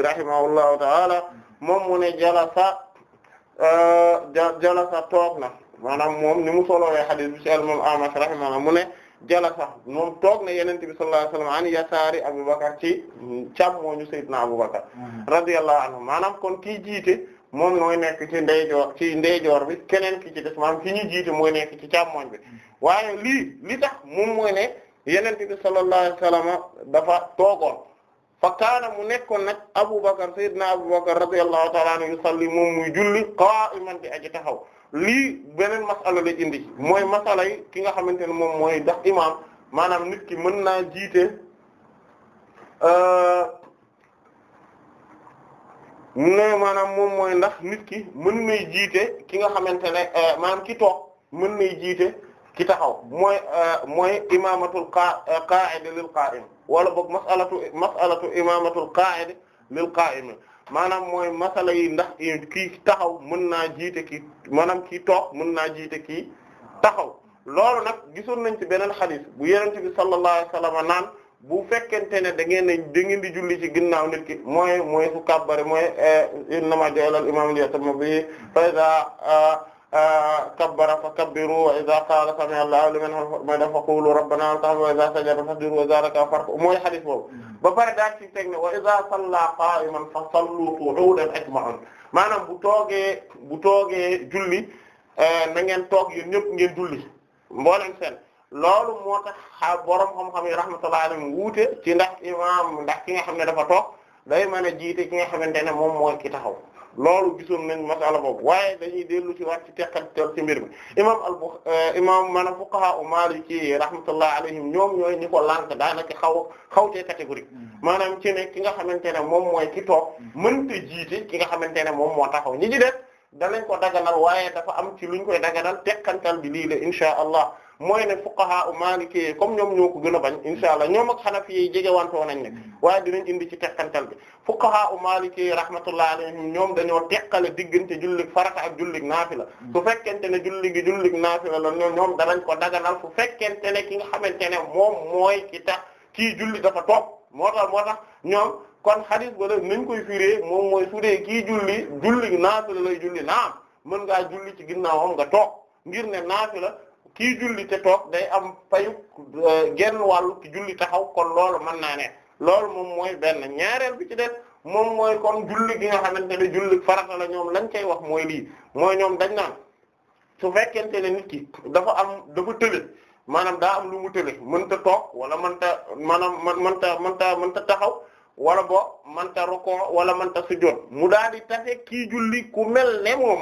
mm-hmm. toog na maanaam moom ni mu solowee xadis bi ci al-imam Amash mu ne jala sax moom toog na yenente bi sallallahu alayhi wasallam an yasaari Abubakar ci càmmooñu Seydina Abubakar mhm. radiyallahu anhu maanaam kon kii jiite moom mooy nekk ci ndeyjoor ci ndeyjoor bi keneen ki ci des maanaam ki ñu jiite mooy nekk ci càmmooñ bi mhm. waaye lii li tax moom mooy ne yenente bi sallallahu alayhi dafa toogoon fa kaana mu nekkoon nag Abubakar Seydina Abubakar radiyallahu ta'ala anhu yusalli moom muy julli qa'iman di aji taxaw lii beneen masala indi mooy masala ki nga xamante ne moom mooy ndax imaam maanaam nit ki mën naa jiite euh, ne maanaam moom mooy ndax nit ki mën nay jiite ki nga xamante ne euh, maanaam ki toog mën na jiite ki taxaw mooy euh, mooy imaamatul qa'id lil qa'im wala boog masalatu masalatu imaamatul qa'id lil qa'im maanaam mooy masala yi ndax kii taxaw mën naa jiite ki maanaam kii toog mën naa jiite kii taxaw loolu nag gisoon nañ ci beneen xadis bu yenente bi sallallahu alayhi wasallam naan bu fekkente ne da ngeen ne di julli ci ginnaaw nit ki mooy mooy su kabbare mooy eh, innama ja'ala al-imaamu liyatamma bihi fa idha eh, eh, kabbara fa kabbiru wa idha qaala sami'a Allahu liman hamidah fa qulu rabbana wa lakal hamd wa idha sajada fasjudu wa idha raka'a farka'u mooy xadis boobu ba pare daal ci teg ne wa iza salla qa'iman fa sallu qu'udan ajma'un maanaam bu toogee bu toogee julli eh, na ngeen toog yéen ñëpp ngeen julli mboolem seen loolu moo tax xa borom xam-xam yi rahmatullahi mu wuute ci ndax imaam ndax ki nga xam ne dafa toog day mën a jiite ki nga xamante ne moom mooy ki taxaw loolu gisoon nañ masala boobu waaye dañuy dellu ci waat ci teqattal ci mbir mi imam al eh, imam maanaam fuqaha u maliki rahmatullah alayhim ñoom ñooy ñi ko lànk daanaka xaw xaw cee catégorique mm-hmm. maanaam ci ne ki nga xamante ne moom mooy ki toog mm-hmm. mënta jiite ki nga xamante ne moom moo taxaw ñi ci def danañ ko daganal waaye dafa am ci luñ koy daganal teqantal bi lii la insha allah mooy ne fuqaha u maalikee comme ñoom ñoo ko gën a bañ insha allah ñoom ak xanafi yi jegewantoo nañ ne waaye dinañ indi ci teqantal bi fuqaha u maalikee rahmatullah alayhim ñoom dañoo teqale diggante jullig farata ak jullig naafila su fekkente ne julli gi jullig naafila la ñoom danañ ko daganal su ne ki nga xamante ne moom mooy ki tax kii julli dafa toog moo tax moo tax ñoom kon xadis ba nañ koy firé moom mooy su dee kii julli julli naafila lay julli naam mën ngaa julli ci ginnaawam nga toog ngir ne naafila kii julli te toog day am fayu euh, genn wàllu ki julli taxaw kon loolu man naa ne loolu moom mooy benn ñaareel bi ci def moom mooy kon julli gi nga xam xamante ne julli farata la ñoom lañ koy wax mooy lii mooy ñoom dañ naan su fekkente ne nit ki dafa am dafa tële maanaam daa am lu mu tële mënta toog wala mënta maanaam mënta mënta mënta taxaw wala bo mënta rukoo wala mënta mu daal di tase kii julli ku mel ne moom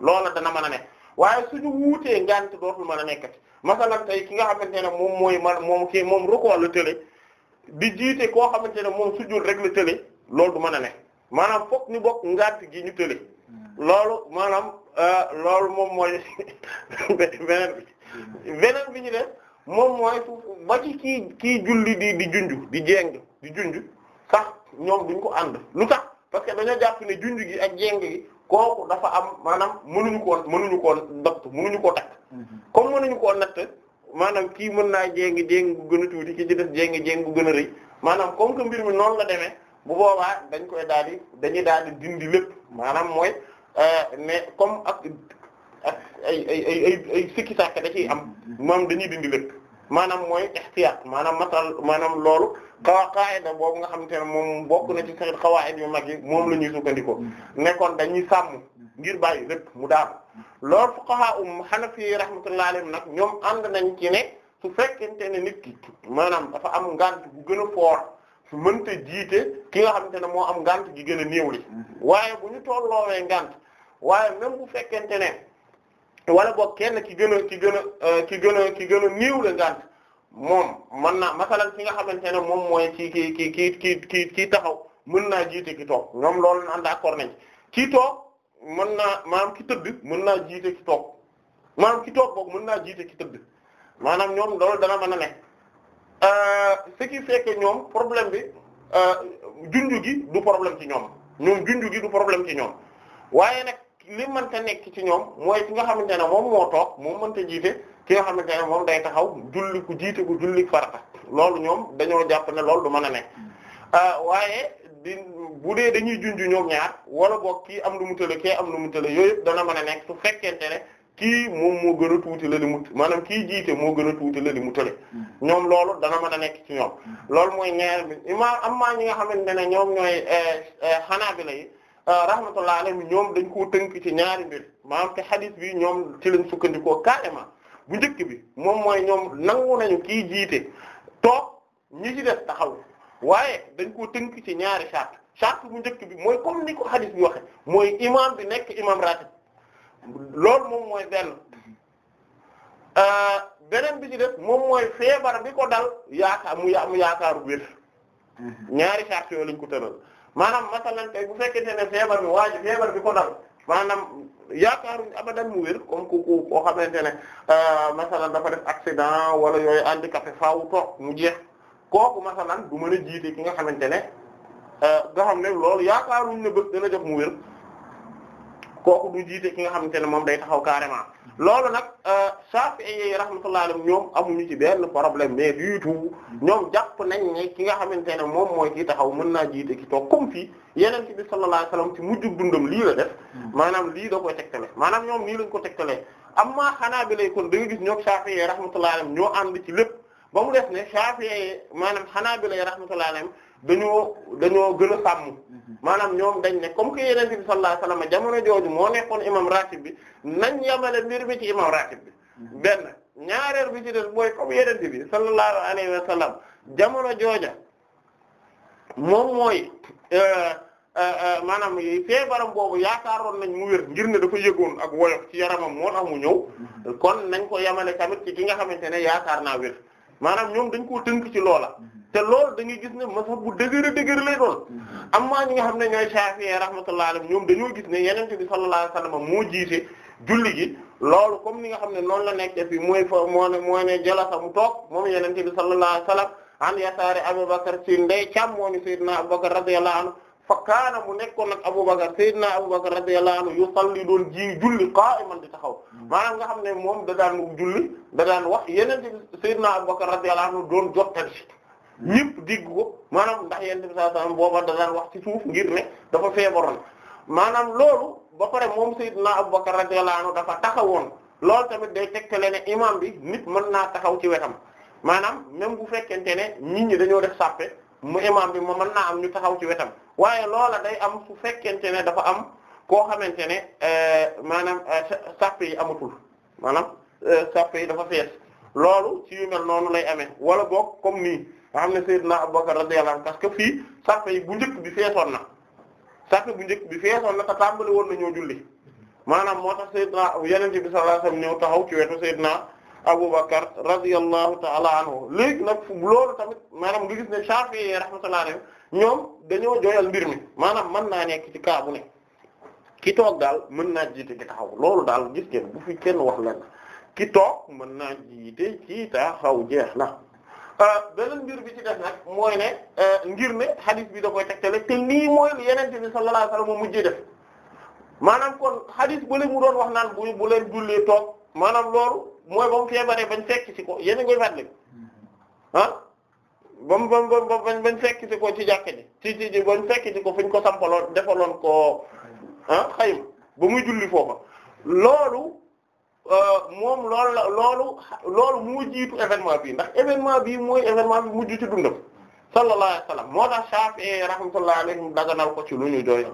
loola dana mën a ne waaye suñu wuutee ngant dootul mën a nekkati masalan tey ki nga xamante ne moom mooy man moom kii moom rukkoo la tële di jiite koo xamante ne moom sujjóot rek la tële loolu du mën a ne maanaam fokk ñu bokk ngant gi ñu tële hmm. loolu maanaam euh, loolu moom mooy <laughs> hmm. beneen bi ñu def moom mooy ba ci kii kii julli di di junj di jéng di junj sax ñoom duñ ko ànd lu tax parce que dañoo jàpp ne junj gi ak jéng gi kooku dafa am maanaam mënuñu koo mënuñu koo natt mënuñu koo takk comme mënuñu koo natt maanaam kii mën naa jéngi jéngi gu gën a tuuti ki ci def jéngi jéngi gu gën a rëy maanaam kom que mbir mi noonu la demee bu boobaa dañ koy daal di dañuy daal di dindi lépp maanaam mooy euh, ne comme ak ak ay ay ay ay sikki sàkk da ciy am moom dañuy dindi lépp maanaam mooy ihtiyaat maanaam matal maanaam loolu xaw qaida boobu nga xam ne moom bokk na ci sax xawaayit yu mag yi moom la ñuy sukkandikoo nekkoon dañuy sàmm ngir bàyyi lépp mu daanu loolu fuqaha um hanafi rahmatullahi alayhim nag ñoom ànd nañ ci ne su fekkente ne nit ki maanaam dafa am ngant bu gën a fort mënta jiite ki nga xamante ne moo am ngant gi gën a néew mm-hmm. waaye bu ñu tolloowee ngant waaye même bu fekkente ne wala boog kenn ki gën a ki gën a euh, ki gën a ki gën a néew la moom man naa masalan ki nga xamante ne moom mooy ki ki ki ki ki ki kii taxaw mën naa jiite ki toog ñoom loolu naan d'accord nañ kii toog mën naa maanaam ki tëdd mën naa jiite ki toog maanaam ki toog boog mën naa jiite ki tëdd maanaam ñoom lool dana mën a nekk euh, ce qui fait ñoom problème bi euh, junj gi du problème ci ñoom ñoom junj gi du problème ci ñoom waaye nag man ta nekk ci ñoom mooy ki nga xamante ne moom moo toog moom mënta jiite ki nga xamante ne moom day taxaw julli ku jiite ku julli farata loolu ñoom dañoo jàpp ne loolu du mën a nekk mm. ah, waaye di bu dee dañuy junj ñoom ñaar wala boog kii am lu mu tële kii am lu mu tële yooyu yëpp dana mën a nekk su fekkente kii moom moo gën tuuti la li mu maanaam kii jiite moo gën a tuuti la li mu tële mm. ñoom loolu dana mën a nekk ci ñoom mm. loolu mooy ñaar bi imaam am maa ñi nga xamante ne ñoom ñooy xanaa eh, eh, bi la Euh, rahmatullahi mi ñoom dañ koo tënk ci ñaari mbir maanaam te hadith bi ñoom ci lañ sukkandikoo carrément bu njëkk bi moom mooy ñoom nangu nañu ki jiite to ñi ci def taxaw waaye dañ ko tënk ci ñaari charte charte bu njëkk bi mooy comme ni ko hadith bi waxe mooy imam bi nekk imam ratib lool moom mooy benn euh, beneen bi ci def moom mooy feebar bi ko dal mu yaakaaru wér mm-hmm. ñaari charte yooyu lañ ko tëral maanaam masalan tey bu fekkente ne feebar bi waa ji feebar bi ko dal maanaam yaakaaruñ abadan mu wér comme ku ku koo xamante ne euh, masalan dafa def accident wala yooyu handicapé faaw toog mu jeex kooku masalan du mën a jiite ki nga xamante ne euh, ga xam ne loolu yaakaaruñ ne bés dana jox mu wér kooku du jiite ki nga xamante ne moom day taxaw carrément loolu nag euh, Shafi'i yi rahmatullahi alayhim ñoom amuñu ci benn problème mais du tout ñoom jàpp nañ ne ki nga xamante ne moom mooy ki taxaw mën naa jiite ki toog comme fii yeneen ci bi sallallahu alayhi wasallam ci mujjug dundam lii la def hmm. maanaam lii da koy tegtale maanaam ñoom nii lañ ko tegtalee amma xanaa bi lay kon da nga gis ñoom Shafi'i yi rahmatullahi alayhim ñoo ànd ci lépp ba mu def ne Shafi'i yi maanaam xanaa bi lay rahmatullahi alayhim dañoo dañoo gën a sàmm maanaam ñoom dañ ne comme que yeneen bi sallallahu alayhi wasallam moo nekkoon imam bi nañ yamale mbir bi ci imam bi benn ñaareel bi ci mooy comme yeneen bi sallallahu alayhi wasallam jamono jooja moom mooy euh, euh, euh, maanaam feebaram boobu yaakaaroon nañ mu wér ngir na dafa yëgoon ak woyof ci yaramam moo amu ñëw kon nañ ko yamale tamit ci ki nga xamante ne yaakaar naa wér maanaam ñoom dañ koo tënk ci loola te loolu da gis ne mazhab bu dëgër a dëgër lay doon amma ni nga xam ne ñooy Shafi'i rahmatullahi alayhim ñoom dañoo gis ne yenente bi sallallahu alayhi wasallam moo jiite julli gi loolu comme ni nga xam ne noonu la nekk fi mooy fa moo ne moo ne jalasa mu toog moom yenente bi sallallahu alayhi wasallam an yasaari Abubakar si ndey càmmooni Seydina Abubakar radiyallahu anhu fa kaana mu nekkoon nag Abubakar Seydina Abubakar radiyallahu anhu yusalli doon ji julli qaa'iman di taxaw maanaam nga xam ne moom da daan julli da daan wax yenente bi Seydina Abubakar radiyallahu anhu doon jottali ñëpp dégg ko maanaam ndax yonent bi sallallahu alayhi wasallam booba da daan wax ci suuf ngir ne dafa feebaroon maanaam loolu ba pare moom Seydina Abubakar radiyallahu anhu dafa taxawoon loolu tamit day tegtale ne imam bi nit mën naa taxaw ci wetam maanaam même bu fekkente ne nit ñi dañoo def sàppe mu imam bi ma mën naa am ñu taxaw ci wetam waaye loola day am su fekkente ne dafa am koo xamante ne eh, maanaam eh, sàppe yi amatul maanaam eh, sàppe yi dafa fees loolu ci yu mel noonu lay amee wala boog comme nii nga xam ne Seydina Abubakar radiyallahu anhu parce que fii sàppe yi bu bi feesoon na sàppe bu njëkk bi feesoon na woon na ñoo julli maanaam moo tax Seydina taxaw ci wetu Seydina Abubakar radiyallahu ta'ala anhu léegi nag loolu tamit maanaam nga gis ne Shafi'i rahmatullahi alayhi ñoom dañoo jooyal mbir mi maanaam mën naa nekk ci kaa ne ki toog daal mën naa jiite ci taxaw loolu daal gis ngeen bu fi kenn wax lenn ki toog mën naa jiite ci taxaw jeex na Euh, beneen mbir bi ci def na mooy ne euh, ngir ne hadith bi da koy tegtale te lii mooy yenente bi sallallahu alayhi wasallam mujjee def maanaam kon ba bale mu doon wax naan bu bu leen jullee toog maanaam loolu mooy ba mu feebaree bañ fekk ci ko yéen a ngi koy fàttali ah ba mu ba mu ba mu bañ ci ko ci jàkka ji ci ci ko fu ko sampaloon defaloon ko ah, xayma ba muy julli foofa loolu. Euh, moom loolu la loolu loolu moo jiitu événement bi ndax événement bi mooy événement bi mujj ci dundam sallallahu alayhi moo sallam moo tax Shafi'i rahmatullahi alayhi daganal ko ci lu ñu jooyal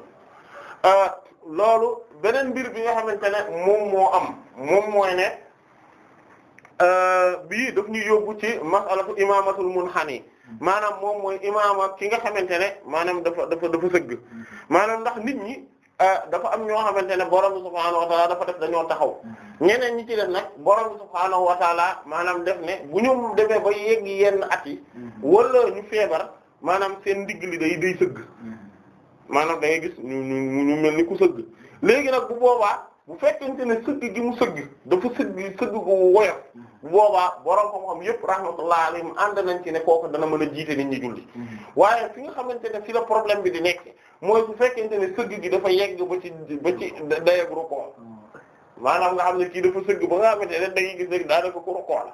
euh, loolu beneen mbir bi nga xamante ne moom moo am moom mooy ne euh, bii daf ñu yóbbu ci mas'alatu imamatul munhani maanaam moom mooy imaam ki nga xamante ne maanaam dafa dafa dafa sëgg mm-hmm. maanaam ndax nit ñi Euh, dafa am ñoo xamante ne borom bi subhaanahu wa taala dafa def dañoo taxaw mm-hmm. ñeneen ñi ci def nag borom bi subhaanahu wa taala maanaam def ne bu ñu demee ba yegg yenn at yi mm-hmm. wala ñu feebar maanaam seen ndigg li day day sëgg mm-hmm. maanaam da ngay ñu mel ni ku sëgg léegi nag bu boobaa bu fekkente ne sëgg gi mu sëgg dafa sëgg sëgg gu woyof bu boobaa borom xam-xam yëpp rahmatullah alayhim ànd nañ ci ne kooku dana mën a jiite nit ñi julli waaye fi nga xamante ne fi la problème bi di nekk mooy bu fekkente ne sëgg gi dafa yegg ba ci ba ci dayeg rukkoo maanaam nga xam ne kii dafa sëgg ba nga xamante ne da ngay gis ne daanaka ko rukkoo la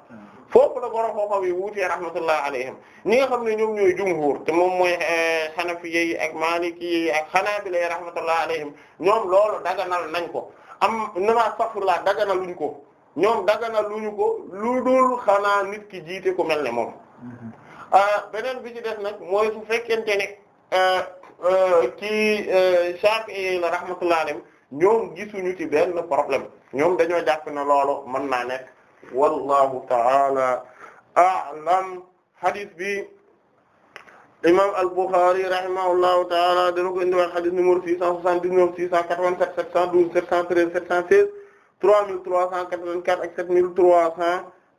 foofu la borom xam-xam yi wuutee rahmatullah alayhim ñi nga xam ne ñoom ñooy jumhur te moom mooy xanafi eh, yi ak maliki ki ak xanaabila yi rahmatullah alayhim ñoom loolu daganal nañ ko am nama safrla daganal luñ ko ñoom daganal luñ ko lu dul xanaa nit ki jiite ko mel ne moom mm-hmm. ah, beneen bi ci def nag mooy su fekkente ne eh, Euh, ci euh, Shafi'i la rahmatullah alayhi ñoom gisuñu ci benn problème ñoom dañoo jàpp ne loolu mën naa nekk wallahu ta'ala a'lam hadith bi imam al-Bukhari rahimahullahu ta'ala dana ko indiwaat hadith numéro 679 687 712 713 716 3384 ak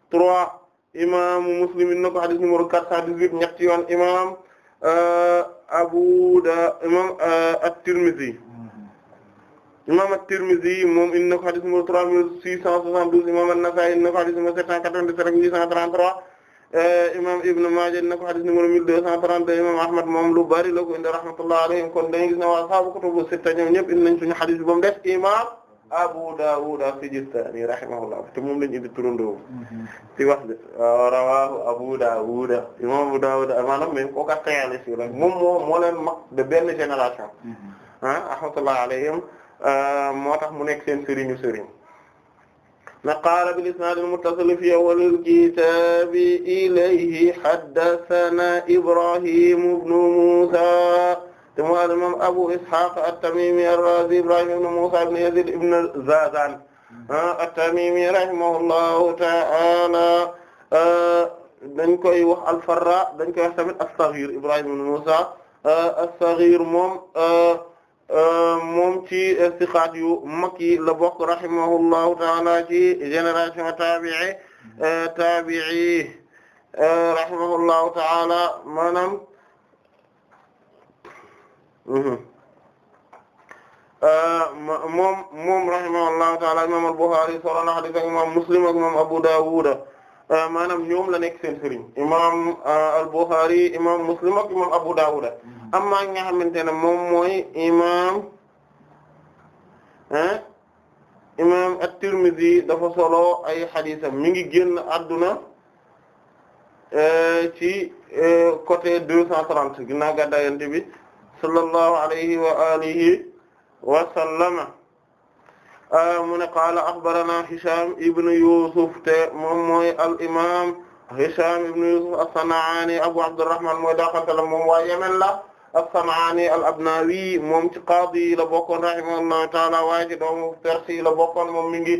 7303 imaamu Muslim na ko hadith numéro 418 ñetti yoon imam Euh, Abu da imam euh, at-Tirmidhi mm-hmm. imam at-Tirmidhi moom indi na ko hadith numéro trois mille six cent soixante-douze imam an-Nasa'i indi na ko sept cent quatre-vingt-sept trois euh, imam Ibn Maaja indi na ko hadith numéro deux cent trente-deux imam Ahmad moom lu bari la rahmatullah alayhim kon dañu gis ne waa sahaabu kutubu sitta ñoom ñëpp indi nañ suñu hadith bi ba mu des imam Abu Dawud as-Sijistani rahimahullah te moom lañu indi turandoo ci mhm. wax bi Abu Dawud imam Abu Dawud maanaam mais kooku ak xayaalis yi la moom moo moo leen mag de benn génération mhm. ah rahmatullahi ah, moo tax mu nekk seen sëriñu sëriñ na qaala bil isnaad al-muttasil fi awwal al-kitaab ilayhi haddathana Ibrahim ibn Musa te mu al imam Abu Ishaq at-Tamimi ar-Razi Ibrahim ibn Musa ibn Yazid ibn Zazan ah, at-Tamimi rahimahullahu ta'ala ah, dañ koy wax al-Farra dañ koy wax tamit as-Saghir Ibrahim ibn Musa ah, as-Saghir moom moom ci siqaat yu mag yi la bokk rahimahullahu ta'ala ci génération tabi'i tabi'i rahimahullahu ta'ala maanaam Uh, moom moom rahimahullahu ta'ala imam al-Bukhari solo na hadith ak Muslim ak imam Abu Dawud uh, maanaam ñoom la nekk seen sëriñ imam uh, al-Bukhari imam Muslim ak imam Abu Dawud mm-hmm. amma nga xamante moom mooy imam ah imam at-Tirmidhi dafa solo ay haditham mi ngi génn adduna eh, ci eh, côté deux cent trente ginnaaw gàddaay Yonent bi sallallahu alayhi wa alihi wa sallama ah, mu ne qaala axbarana Hisham ibn Yusuf te moom mooy al imam Hisham ibn Yusuf as-San'aani Abu Abdurrahman mooy daaxantala moom waa Yemen la as-San'aani al-Abnaawi moom ci qaadi la bokkoon rahimahullahu ta'aala waaye ci doomu Persi la bokkoon moom mi ngi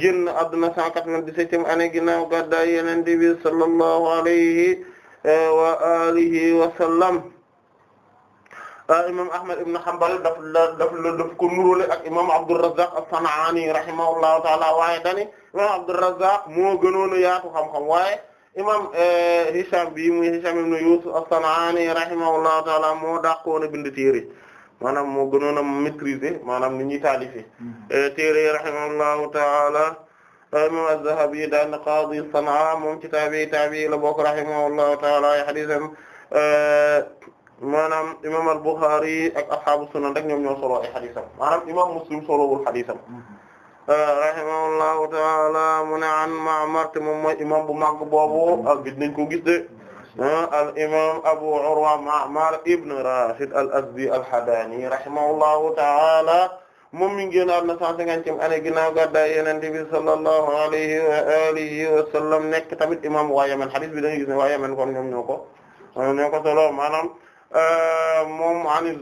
génn àdduna 197e année ginnaaw gàddaay Yonent bi sallallahu alayhi wa alihi wa sallam Euh, imam Ahmad ibn Hanbal daf la daf la daf ko nuróole ak imam Abdurrazzaq as-San'ani rahimahullahu ta'ala waaye dani imam Abdurrazzaq moo gënoon a yaatu xam-xam waaye imam euh, Hisham bi muy Hisham ibn Yusuf as-San'ani rahimahullahu ta'ala moo dàqoon a bind téere maanaam moo gënoon a maîtriser maanaam ni ñuy taalifé mm-hmm. euh, téere rahimahullahu ta'ala imam az-Zahabi daan qaadi San'a moom ci taabi taabi la bokk rahimahullahu ta'ala ay hadiisam maanaam imaam al-Bukhari ak ashaabu sunan rek ñoom ñoo solo ay xadisam maanaam imaam Muslim solowul xadisam mm-hmm. uh, rahimahullahu taala mu ne an moom imaam bu mag boobu mm-hmm. ak gis nañ ko gis de uh, al imaam Abu Urwa Ma'mar ibn Rashid al-Azdi al-Hadani rahimahullahu taala moom mi ngi génn àdduna cent cinquantième année ginnaaw gàddaay Yonent bi sallallahu alihi wa sallam nekk tamit imaam waa Yemen hadith bi dañuy gis ne kon ñoom ñoo ko solo Euh, moom an euh,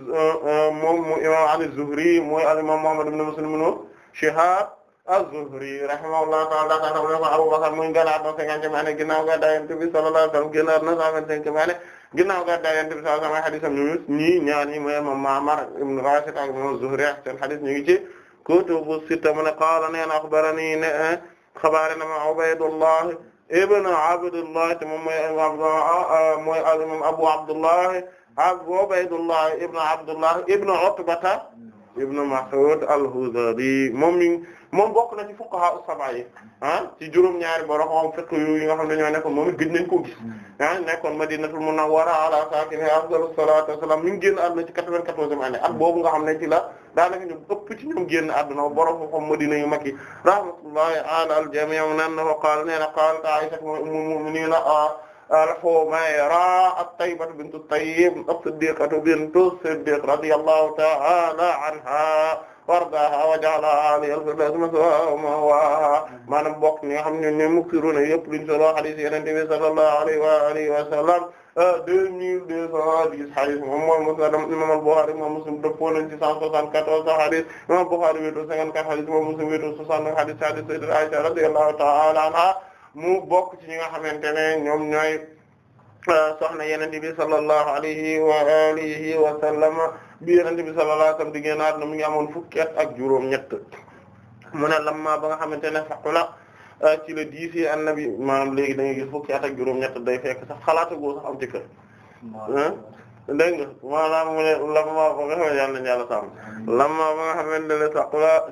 euh, moom mu imam an az-Zuhri mooy al-imam Muhammad ibn Muslim ibn Shihab az-Zuhri rahimahullahu ta'ala dafa ne ko Abu Bakr muy gànnaar na cinquantième année ginnaaw gàddaay Yonent bi sallallahu alayhi wa sallam ginnaaw na cent vingt-cinquième année ginnaaw gàddaay Yonent bi sallallahu alayhi wa sallam hadiisam ñu ñii ñaar ñi mooy imam Ma'mar ibn Rashid ak imam az-Zuhri seen hadiis ñu ngi ci kutubu sitta mu ne qaala nee na axbarani ne eh, xabaare na ma Ubaydullah ibn Abdullah te moom mooy ah, ah, mooy al-imam Abu Abdullah Ubaydullah ibn Abdullah ibn Utbata ibn Mas'ud al-Hudhali moom mi moom bokk na ci fuqaha as-sab'a yi ah ci juróom-ñaari borom xam fiqh yu nga xam ne ñoo nekkoon moom it gëj nañ koo gis ah nekkoon Madinatul Munawwara ala saakinihaa afdalu salaatu wa salaam mi ngi génn àdduna ci quatre vingt nga xam ne ci la daanaka ñu ëpp ci ñoom génn àdduna borom xam Madina yu mag yi ala al-jamii' naan na ko qaala nee na qaalat Aisha ummul mu'miniina al-Humayra at-Taybatu bintu Tayyib as-Siddiqatu bintu Siddiq radiyallahu ta'ala anha wardaha wa ja'ala aliha al-firdawsa maswaha wa ma'waha maanaam bokk ñi nga xam ne ne muksiruna yëpp luñ solo hadith Yonent bi sallallahu alayhi wa alihi wa sallam deux mille deux cent dix hadith moom mooy Musnad imam al-Bukhari moom Muslim dëppoo nañ ci cent soixante-quatorze hadith imam al-Bukhari wéetoo cinquante-quatre hadith moom Muslim wéetoo soixante-neuf hadith hadith Sayyidati Aisha radiyallahu ta'ala anha mu bokk ci ñi nga xamante ne ñoom ñooy euh, soxna yenente bi sallallahu alayhi wa alihi wa sallam bi yenente bi sallallahu alayhi wa sallam na mu ngi amoon fukki ak juróom ñett mu ne lamma ba nga xamante ne saqula euh, ci la diisi annabi maanaam léegi da gis fukki at ak juróom sax xalaatagoo sax am ci kër dégg mu ne lamma ba nga xamante yàlla nañu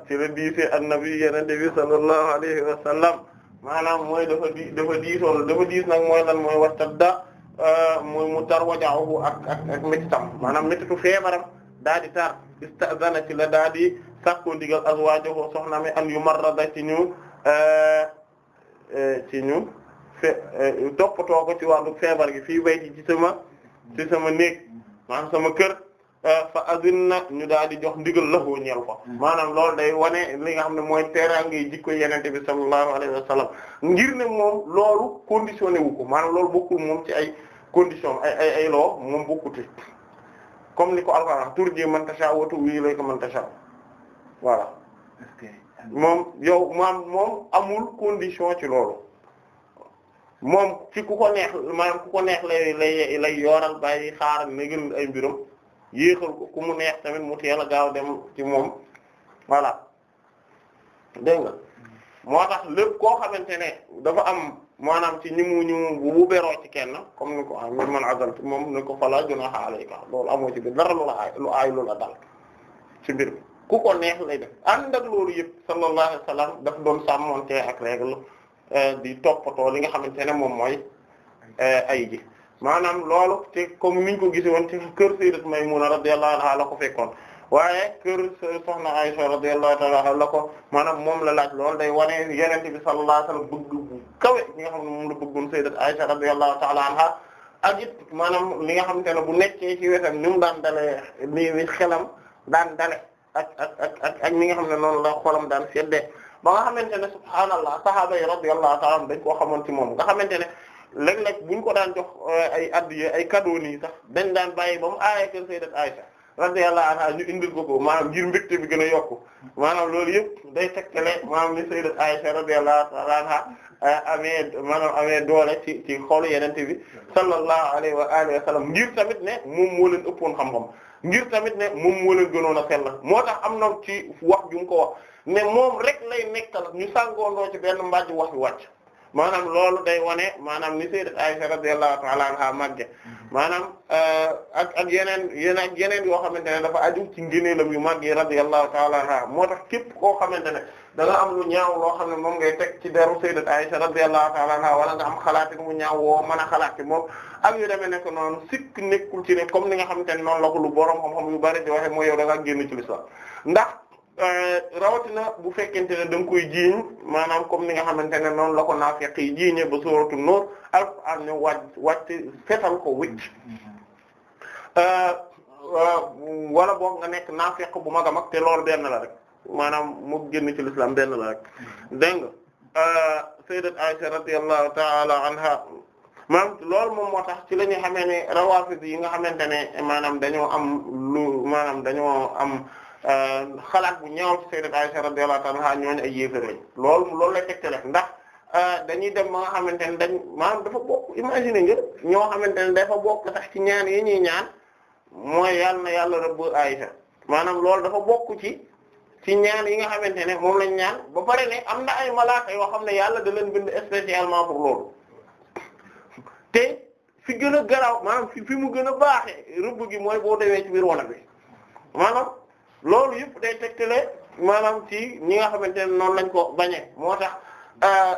ci la diisi annabi yenente bi sallallahu alayhi wa sallam maanaam mooy dafa di dafa diisoon dafa diis nag mooy lan mooy euh, mooy mu tar wajaahu ak ak ak méttitam maanaam méttitu feebaram daa di tar istazana ci la daa di sàkku ndigal azwaajuhu soxna mi an yu marrada ci ñu euh, euh, ci ñu fe ko ci wàllu feebar gi fii bay ci ci sama ci sama néeg maanaam sama kër Euh, fa azin na ñu daal di jox ndigal lahu ñeel ko mm. maanaam lool day wane li nga xam ne mooy teeraange jikko yenente bi sallallahu alayhi wa sallam ngir ne moom loolu conditionné wu ko maanaam loolu bokkul moom ci ay condition ay ay ay loo moom comme ni ko Alxuraan turji man tasha wa tuwi ilayka man tasha voilà moom yow maam moom amul condition ci loolu moom ci ku ko neex maanaam ku ko neex lay lay lay yoral bàyyi xaar négal ay mbiram yéexal ko ku mu neex tamit mu teel a gaaw dem ci moom voilà dégg nga moo tax lépp koo xamante ne dafa am maanaam ci ñi mu bu beroo ci kenn comme ni ko ah man azaltu moom ni ko fala junaha loolu amoo ci biir dara lu aay lu aay dal ci mbir mi ku ko neex lay def ànd loolu yëpp sallallahu alayhi wa sallam daf moon sàmmonte ak règle eh, di toppatoo li nga xamante ne moom mooy eh, ay ji maanaam loolu te comme niñ ko gise woon ci kër sayyidat Maymuna radiyallahu anha la ko fekkoon waaye kër soxna Aisha radiyallahu ta'ala anha la ko maanaam moom la laaj loolu day wane yenente bi sallallahu alayhi wasallam bëgg bu kawe ñi nga xam ne moom la bëggoon sayyidat Aisha radiyallahu ta'ala anha ak it maanaam li nga xamante ne bu nekkee ci wetam ni mu daan dalee ni xelam daan dale ak ak ak ak ak nga xam ne noonu la xolam daan seddee ba nga xamante ne subhaanallah sahaaba yi radiyallahu ta'ala dañ koo xamoon ci moom nga xamante ne léeg-léeg buñ ko daan jox euh, ay addiya ay cadeau nii sax dañ daan bàyyi ba mu aaya kër sayyidat Aisha radiyallahu anha ñu indil ko ko maanaam ngir mbégte bi gën a yokku maanaam loolu yëpp day tegtale maanaam ni sayyidat Aisha radiyallahu ta'ala euh, amee maanaam amee doole ci ci xolu yenente bi sallallahu alayhi wa alihi wa ngir tamit ne moom moo leen ëppoon xam-xam ngir tamit ne moom moo leen gënoon a la moo tax am na ci wax ju ko wax ne moom rek lay nekkal ñu sàngoondoo ci benn mbàjj wax yu wàcc maanaam loolu day wane maanaam ni sayyidat Aisha radiyallahu ta'ala anha magge mm-hmm. maanaam eh, ak ak yeneen yeneen ak yeneen yoo xamante ne dafa aju ci ngëneelam yu màgg yi radiyallahu ta'ala moo tax képp koo xamante ne da am lu ñaaw loo xam ne moom ngay teg ci deru sayyidat Aisha radiyallahu ta'ala anha wala nga am xalaat mu ñaaw woo man a xalaat ci moom ak yu demee nekk noonu sikk nekkul ci ne comme ni nga xamante ne noonu la ko lu borom xam-xam yu bari di waxe mooy yow da nga génn ci l'islam ndax Euh, rawatina bu fekkente ne da koy jiiñ maanaam comme ni nga xamante ne noonu la ko naafiq yi jiiñee ba sóoratu Nuur alquran ne wàcc wàcc fetal ko wicc euh, euh, wala boog nga nekk naafiq bu mag a mag te lool benn la rek maanaam mu génn ci l'islam benn la rek dégg nga sayyidat Aisha radiyallahu ta'ala anha maanaam loolu moom moo tax ci la ñu xamee ne rawaafid yi nga xamante ne maanaam dañoo am lu maanaam dañoo am Euh, xalaat bu ñaaw ci sayyidat Aisha radiyallahu ta'ala ñooñu ay yéefar lañ loolu loolu lay tegtale ndax euh, dañuy dem ba nga xamante ne dañ maanaam dafa bokk imaginer nga ñoo xamante ne dafa bokk ci ñaan yi ñuy ñaan mooy yàlla na yàlla rëbb maanaam loolu dafa bokk ci ci ñaan yi nga xamante ne moom lañ ñaan ba pare ne am na ay malaat yoo xam ne yàlla da leen bind spécialement pour loolu te fi gën a garaaw maanaam fi mu gën a baaxee rëbb gi mooy boo demee ci biir wana bi maanaam. loolu yëpp day tegtale maanaam ci ñi nga xamante ne noonu lañ ko bañe moo tax euh,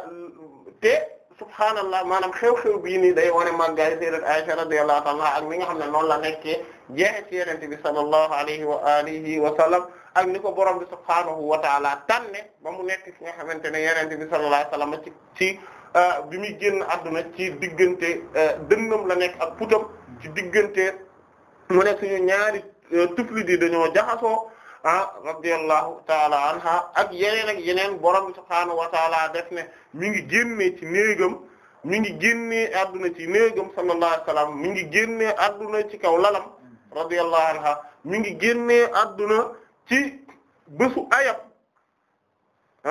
te subhaanallah maanaam xew bii nii day wane màggaay sayyidat Aisha radiyallahu ta'ala ak ni nga xam ne noonu la nekkee jeexe ci yenente bi sallallahu alayhi wa alihi wa sallam ak ni ko borom bi subhaanahu wa ta'ala tànne ba mu nekk fi nga xamante ne yenente bi sallallahu alayhi wa sallam ci ci euh, bi muy génn adduna ci diggante euh, dënnam la nekk ak putam ci diggante mu nekk ñu ñaari tufli di dañoo jaxasoo ah radiyallahu taala anha ak yeneen ak yeneen borom subhaanahu wa taala def ne mi ngi génnee ci néegam mi ngi génnee adduna ci néegam sallallahu alayhi wa sallam mi ngi génne adduna ci kaw lalam radiyallahu anha mi ngi génnee adduna ci bésu ayab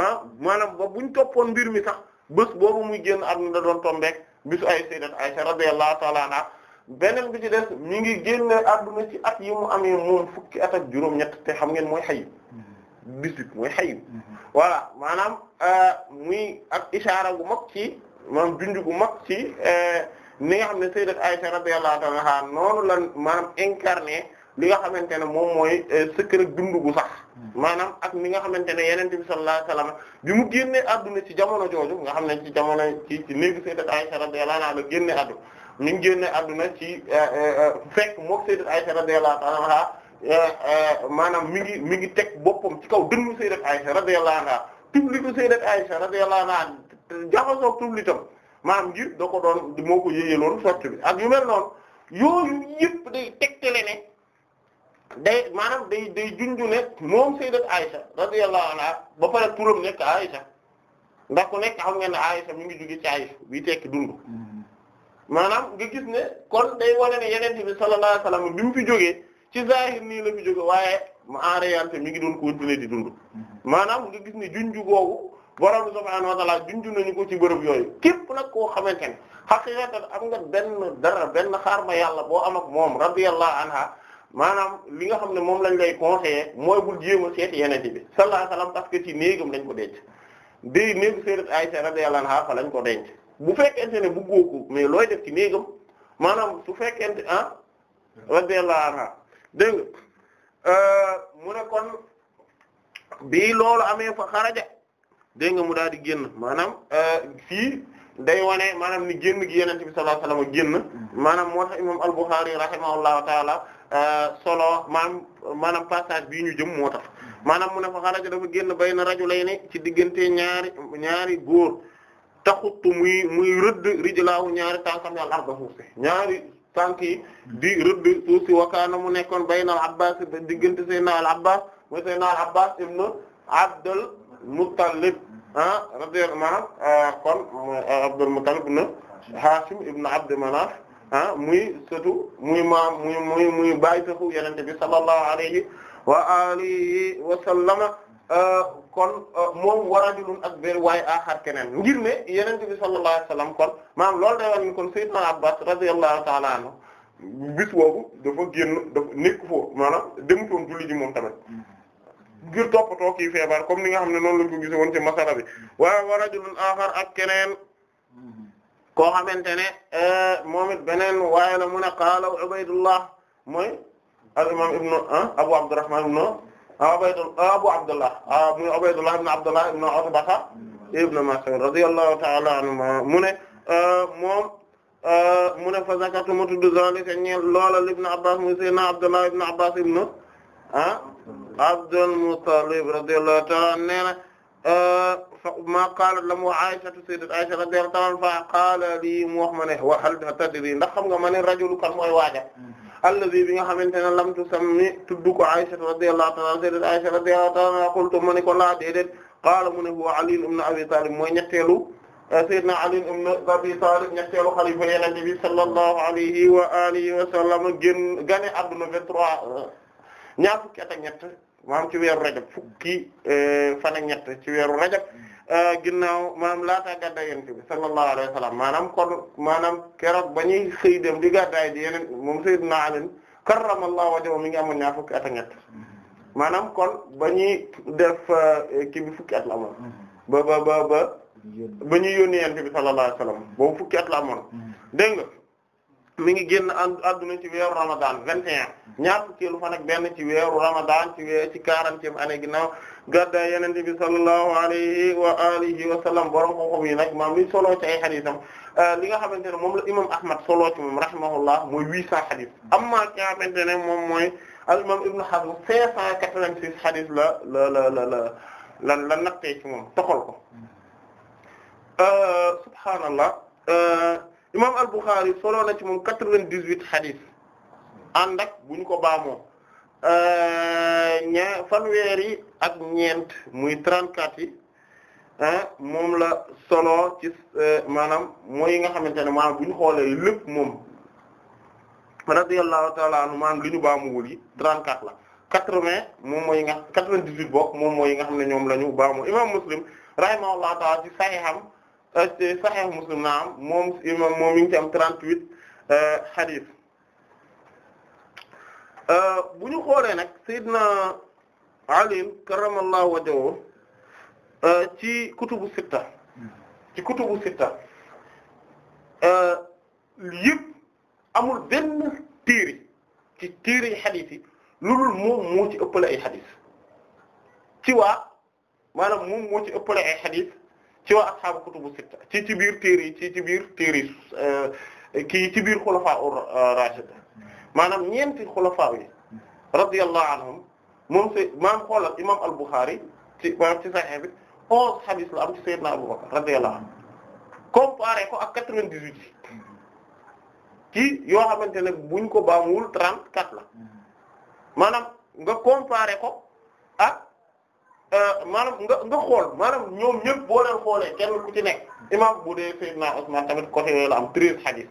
ah maanaam ba buñ toppoon mbir mi sax bés boobu muy génn adduna da doon tombeek bésu ay sayyidat Aisha radiyallahu taala anha beneen bi ci des mi ngi génn adduna ci at yi mu amee moom fukki at ak juróom-ñett te xam ngeen mooy xayu mm-hmm. dix mooy xayu mm-hmm. voilà maanaam euh, muy ak ishaara gu mag ci maanaam junj gu mag ci euh, ni nga xam ne sayyidat Aisha radiyallahu ta'ala anha noonu lan maanaam incarné li nga xamante ne moom mooy euh, secret dund gu sax mm-hmm. maanaam ak ni nga xamante ne yeneen bi sallallahu alayhi bi mu génnee adduna ci jamono jooju nga xam ne ci jamono ci ci néegu sayyidat Aisha radiyallahu anha génne adduna mi ngi génne adduna ci euh, euh, euh, fekk mook sayyidat Aisha radiyallahu anha maanaam mi ngi mi ngi teg boppam ci kaw dënnu sayyidat Aisha radiyallahu anha tublitu sayyidat Aisha radiyallahu anha jaxasoog tublitam ngir da ko doon moo ko yéyeloon sotti ak yu mel noonu yooyu yëpp day tegtale ne day maanaam day day junju ne moom sayyidat Aisha radiyallahu anha ba pare turam nekk Aisha ndax ku nekk xam ngeen ne Aisha ngi jóge ci Aisha bi tekki dund mm. maanaam nga gis ne kon day wane ne yeneen bi sallallahu alayhi wasallam bi mu fi jógee ci zahir nii la fi jóge waaye en réalité mi ngi doon ko di dund maanaam nga gis ne junju googu borom subhaanahu wa ta'ala junju nañu ko ci bërëb yooyu képp nag koo xamante ne xaqiqatan am nga benn dara benn xaar ma yàlla boo am ak moom radiyallahu anha maanaam li nga xam ne moom lañ lay conseillé mooy bul jéem a seeti yeneen bi sallallahu alayhi wasallam parce que ci néegam lañ ko denc di néegu sayyidat Aisha radiyallahu lañ ko denc bu fekkente ne bëggoo ko mais looy def ci néegam maanaam su fekkente ah radiyallahu anha dégg euh, mu ne kon bii loolu amee fa xaraja dégg nga mu daal di génn maanaam euh, fii day wane maanaam ni génn gi yenente bi sallallahu alayhi wasallam génn maanaam moo tax imam al-Bukhari rahimahullahu taala euh, solo maanaam maanaam passage bii ñu jëm moo tax maanaam mu ne fa xaraja na génn bayna rajulayni ci diggante ñaari ñaari góor taxut muy muy rëdd rijlaawu ñaari tànkam al arda suuf si tànk yi di rëdd suuf wakaana mu nekkoon bayna al abbas diggante sayyidina al abbas mooy sayyidina al abbas ibn abdul muttalib ah radiyallahu maanaam ah, ah, abdul muttalib ibn ibn abd manaf ah, muy sëtu muy maam muy bi sallallahu alayhi wa alihi wa sallama Euh, kon euh, moom wa rajulun ak benn waaye aaxar keneen ngir ne yeneen bi sallallahu alayhi wasallam kon maanaam loolu day wane ni kon sayyidna Abbas radiyallahu ta'ala anhu bis boobu dafa génn dafa nekk foofu maanaam demutoon julli ji moom tamit ngir toppatoo kii feebar comme ni nga xam ne noonu lañ ko gisoon ci masala bi waaye wa rajulun aaxar ak keneen koo xamante ne euh, moom it beneen waaye la mu ne qaala Ubaydullah mooy al imam ibnu ah, Abu Abdurrahman ibnu Ubaydullah Abu Abdullah muy Ubaydullah ibn Abdullah ibn Utbata ibn Mas'ud radiyallahu ta'ala anhuma mu ne euh, moom euh, mu ne fa zakatu ma tudd zalika ñeel loola ibn Abbas muy sayyidina Abdullah ibn Abbas ibn ah Abdul Muttalib radiyallahu ta'ala nee na euh, ma qaalat la mu Aisha sayyidat Aisha radiyallahu ta'ala fa qaala lii mu wax ma ne wa hal tadri ndax xam nga ma ne rajulu kan mooy waaja allazi bi nga xamante ne lam tusammi tuddu ko Aisha radiyallahu ta'ala anha sayyidat Aisha radiyallahu ta'ala anha qultu ma ne ko laa déedéet qaala mu ne huwa Ali ibn Abi Talib mooy ñetteelu euh, sayyidna Ali ibn Abi Talib ñetteelu xalifa Yonent bi sallallahu alayhi wa alihi wa sallam génn gane adduna 23 euh, ñaar fukki at ak ñett maam ci weeru rajab fukki euh, fan ak ñett ci weeru rajab Euh, ginnaaw maanaam laataa gàddaay yonent bi sallallahu alayhi wa maanaam kol maanaam keroog ba ñuy xëy dem di gàddaay di yeneen moom sayyidina Ali karramallahu wajhahu mi ngi amoon ñaar fukki at ak ñett maanaam kol ba ñuy def euh, kii bi fukki at la amoon ba ba ba ba ba ñuy yónni yonent bi sallallahu alayhi wa sallam boobu fukki at la moon mm-hmm. dégg nga mi ngi génn adduna ci weeru ramadan vingt et un ñaar fukkeelu fan ak benn ci weeru ramadan ci wee ci quarantième année ginnaaw gaddaay yenente bi sallallahu alayhi wa alihi maam li solo ci ay xadisam euh, li nga xamante ne moom la imam ahmad solo ci moom rahimahullah mooy huit cent xadis amma ki nga moom mooy al imam ibnu hazm cinq cent quatre vingt la la la la la la la nattee ci moom toxal ko euh, subhaanallah euh, imam al-Bukhari solo na ci moom quatre-vingt-dix-huit hadith ànd ak bu ñu ko baamoo euh, ña fanweer yi ak ñeent muy trente-quatre yi moom la solo ci euh, maanaam mooy nga xamante ne maanaam bu ñu xoolee lépp moom radiyallahu ta'ala anhu maanaam li ñu baamuwul yi trente-quatre la quatre-vingts moom mooy nga quatre-vingt-dix-huit bokk moom mooy nga xam ne ñoom la ñu baamoo imam Muslim rahimahullahu ta'ala ci Sahiham te Sahih Muslim na am moom imam moom mi ngi ci am 38 euh, hadith euh, bu ñu xoolee nag Seydina Ali karramallahu wajhahu euh, ci kutubu sitta ci kutubu sitta yëpp amul benn téere ci téere yi hadith yi loolu moom moo ci ëppale ay hadith ci waa maanaam moom moo ci ëppale ay hadith ci waa ashaabu kutubu sitta ci ci biir téere yi ci ci biir téere euh, kii ci biir xulafaa ur euh, rashid maanaam ñeenti xulafaa yi radiyallahu anhum moom si maam xoolal imam al-Bukhari ci maanaam ci Sahih bi onze hadith la am ci sayyidna Abu Bakr radiyallahu anhu comparé ko ak quatre-vingt-dix-huit yoo xamante ne buñ ko baamuwul trente-quatre la maanaam nga comparé ko Euh, maanaam nga nga xool maanaam ñoom ñëpp boo leen xoolee kenn ku ci nekk imam bu dee Seydina Usman tamit côté la am treize hadith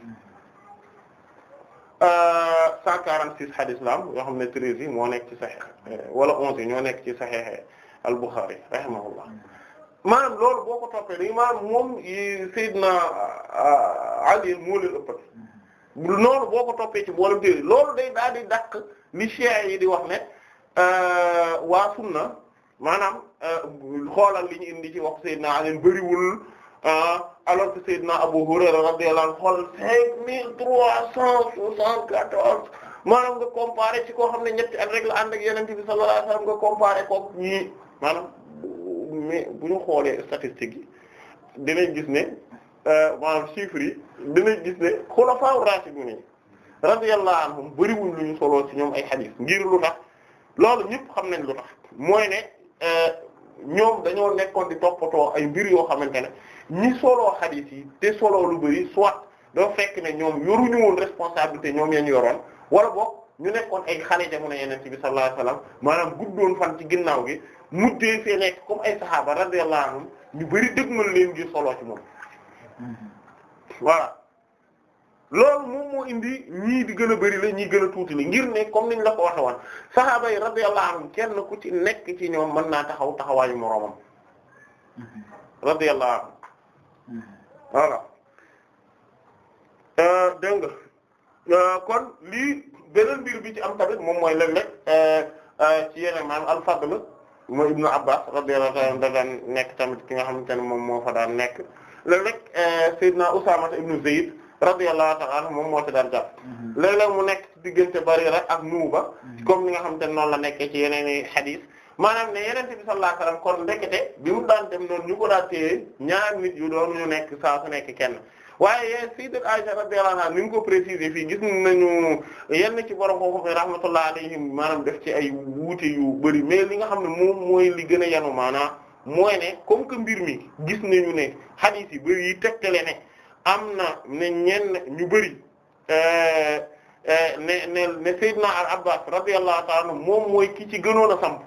euh, cent quarante six hadith la am yoo xam ne treize yi moo nekk ci Sahih euh, wala onze yi ñoo nekk ci Sahih al-Bukhari rahimahullah maanaam loolu boo ko toppee dañu maanaam moom Seydina Ali moo leen ëppati noonu boo ko toppee ci boole téeri loolu day daal di dàq li Cheikh yi di wax ne waa na maanaam euh, xoolal li ñu indi ci wax Seydina Ali bëriwul euh, alors que Seydina Abu Hurayra radiyallahu anhu xoolal cinq mille trois cent quatorze maanaam nga comparé ci koo xam ne ñetti at rek ànd ak Yonent bi sallallahu alayhi wasallam nga comparé kook ñii maanaam mais bu ñu xoolee statistiques yi dinañ gis ne euh, maanaam chiffres yi dinañ gis ne xulafaa raashidun yi radiyallahu anhum bëriwuñ lu ñu soloo ci ñoom ay xadiis ngir lu tax loolu ñëpp xam nañ lu tax mooy ne Euh, ñoom dañoo nekkoon di toppatoo ay mbir yoo xamante ne ñi soloo xadiis yi te soloo lu bari soit doo fekk ne ñoom yoruñu woon responsabilité ñoom ya ñu yoroon wala boog ñu nekkoon ay xale jamono Yonent bi sallallahu alayhi wasallam maanaam guddoon fan ci ginnaaw gi mujjee fee nekk comme ay saxaaba radiyallahu anhum ñu bari dëgmal leen ngir soloo ci moom mm-hmm. voilà. loolu moom moo indi ñii di gën a bëri la ñii gën a tuuti la ngir ne comme niñ la ko waxe woon sahaaba yi radiyallahu anhum kenn ku ci nekk ci ñoom mën naa taxaw taxawaayu moroomam mm-hmm. radiyallahu anhu mm-hmm. voilà euh, dégg nga euh, kon lii beneen mbir bi ci am tamit moom mooy leen rek euh, ci yeneen maanaam al-Fadl mooy Ibnu Abbas radiyallahu anhu da nekk tamit ki nga xamante ne moom moo fa daan nekk leen rek Seydina Usaama ibnu Zayd radiyallahu ta'ala moom moo ci daan jàpp mhm. léeg-léeg mu nekk diggante Barira ak Nuuba mhm. comme ni nga xamante ne noonu la nekkee ci yeneen i xadiis maanaam ne yeneen bi sallallahu alayhi wasallam kon bi mu daan dem noonu ñu ko daan téye ñaar nit yu doon ñu nekk saa su nekk kenn waaye sayyidat Aisha radiyallahu anha ni ko préciser fii gis nañu yenn ci borom kooku rahmatullahi alayhim maanaam def ci ay wuute yu bari mais li nga xam ne moom mooy li gën a yanu maanaa mooy ne comme que mbir mi gis nañu ne hadith yi bari yi tegtale ne am na ne ñenn ñu bëri euh, euh, ne ne ne Seydina Al Abbas radiyallahu ta'ala anhu moom mooy ki ci gënoon a samp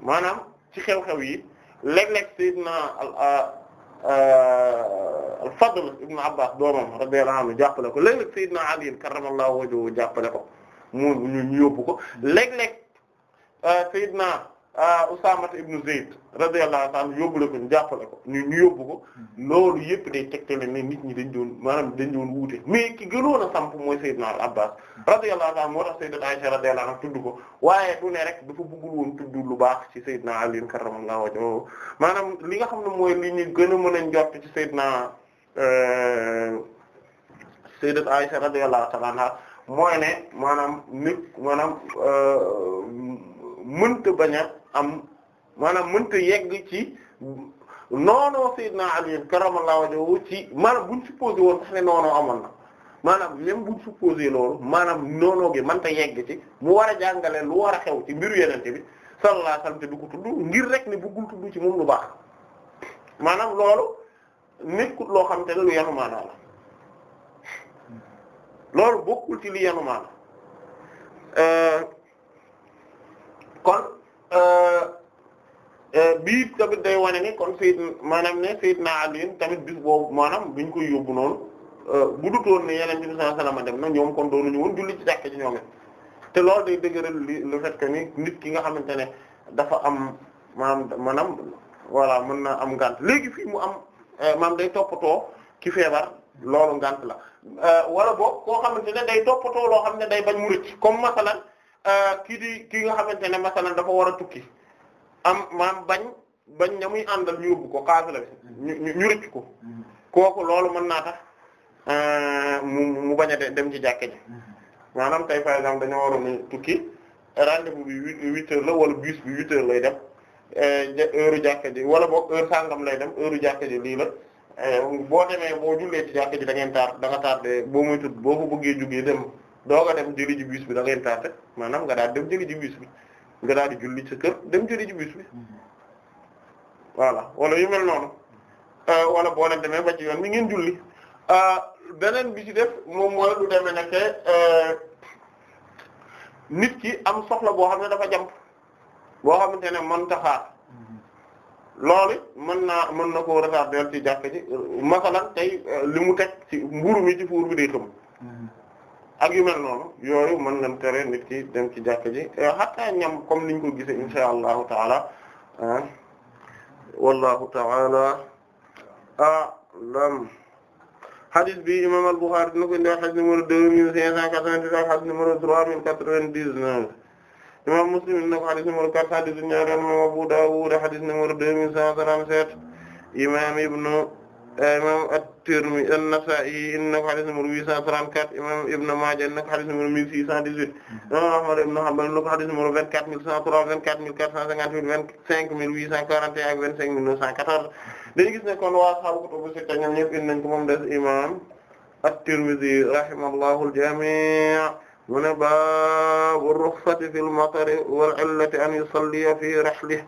maanaam ci xew-xew yi léeg-léeg Seydina al euh, Fadl ibn Abbas doomam radiyallahu anhu jàppale ko léeg-léeg Seydina Ali karramallahu wajhu jàppale ko mu ñu yóbbu ko léeg-léeg Seydina Euh, Usaama ibn Zayd radiyallahu ta'ala yóbbule ko ñu jàppale ko ñu ñu yóbbu ko mm-hmm. loolu yëpp day tegtale ne nit ñi dañ doon maanaam dañ doon wuute mais ki gënoon a samp mooy Seydina Abbas radiyallahu ta'ala moo tax Seydina Aisha radiyallahu anha ko waaye du ne rek dafa bëggul woon tudd baax ci Seydina Ali karramallahu wajhahu maanaam li nga xam ne mooy li ñu gën a mën a njort ci Seydina euh, Seydina Aisha mooy ne maanaam nit maanaam euh, mënta bañ am maanaam mënta yegg ci noono noonoo Seydina Ali karamallahu wajhu ci maanaam buñ supposé woon sax ne noonoo amoon na maanaam même buñ supposé loolu maanaam noonoo gi mënta yegg ci mu war a jàngale lu a xew ci mbiru yenente bi sallallahu alayhi wasallam te du tudd ngir rek ne bëggul tudd ci moom lu baax maanaam loolu nekkut loo xam te ne lu yanu maanaa la loolu bokkul ci li yanu maanaa euh, kon Euh, euh, bii tamit day wane ni kon Seydina maanaam ne Seydina Ali tamit bis boobu maanaam buñ koy yóbbu noonu euh, bu dutoon ne yeneen bi sallallahu alayhi wasallam dem na ñoom kon doonuñu woon julli ci jàkk ci ñoom te loolu day dëgëral li le fait que ni nit ki nga xamante ne dafa am maanaam maanaam voilà mën na am ngànt léegi fii mu am maanaam day toppatoo ki feebar loolu ngant la wala boog koo xamante ne day toppatoo loo xam ne day bañ mu rëcc comme masalan Euh, kii di kii nga xamante ne masalan dafa war a tukki am maam bañ bañ ñamuy àndal ñu yóbbu ko kaafila la ñu ñu rëcc ko mm-hmm. kooku loolu mën naa tax euh, mu mu bañ a dem ci jàkke ji mm-hmm. maanaam tey par exemple dañoo waroon a tukki rendez-vous bi huit la wala bus bi euh, lay dem heure u jàkke wala boog heure lay dem heure u jàkke ji lii la boo demee boo jullee ci jàkke ji da ngeen tar da nga tardé boo muy tudd boo ko bëggee jugee dem doo dem jëli ji bus bi da ngay taate maanaam nga daal dem jëli ji bus bi nga daal di julli sa dem jëli ji bus bi voilà wala yu mel noonu euh, wala boo leen demee ba ci yoon mi ngeen julli euh, beneen bi ci def moom mooy lu demee nekke euh, nit ki am soxla boo xam ne dafa jàmp boo xamante ne mën taxaar loolu mën naa mën na koo retarder ci jàkk ci masalan tey li mu teg ci mburu mi ci fuur bi day xëm ak yu mel noonu yooyu mën nañ tere nit ki dem ci jàkka ji eh, hatta ñam comme niñ ko gisee insha allahu taala ah wallahu taala alam hadith bi imam al-Bukhari dina ko indi hadith numéro deux mille cinq imam Muslim dina ko hadith numéro quatre imam Abu Dawud hadith numéro deux mille cent trente-sept imam ibnu eh, imam Tirmidhi an-Nasa'i in na ko hadith numéro 834 imam Ibn Maaja in na ko hadith numéro 1618 mm-hmm. imam Ahmad ibn Hanbal in na ko hadith numéro 24103 24458 25841 ak 25914 dañu gis ne kon waa xaw kutubu sitta ñoom ñëpp indi nañ ko moom des imam at-Tirmidhi rahimahullahu al-jami' mu ne baabu rukhsati fil matari wal illati an yusalliya fi rahlihi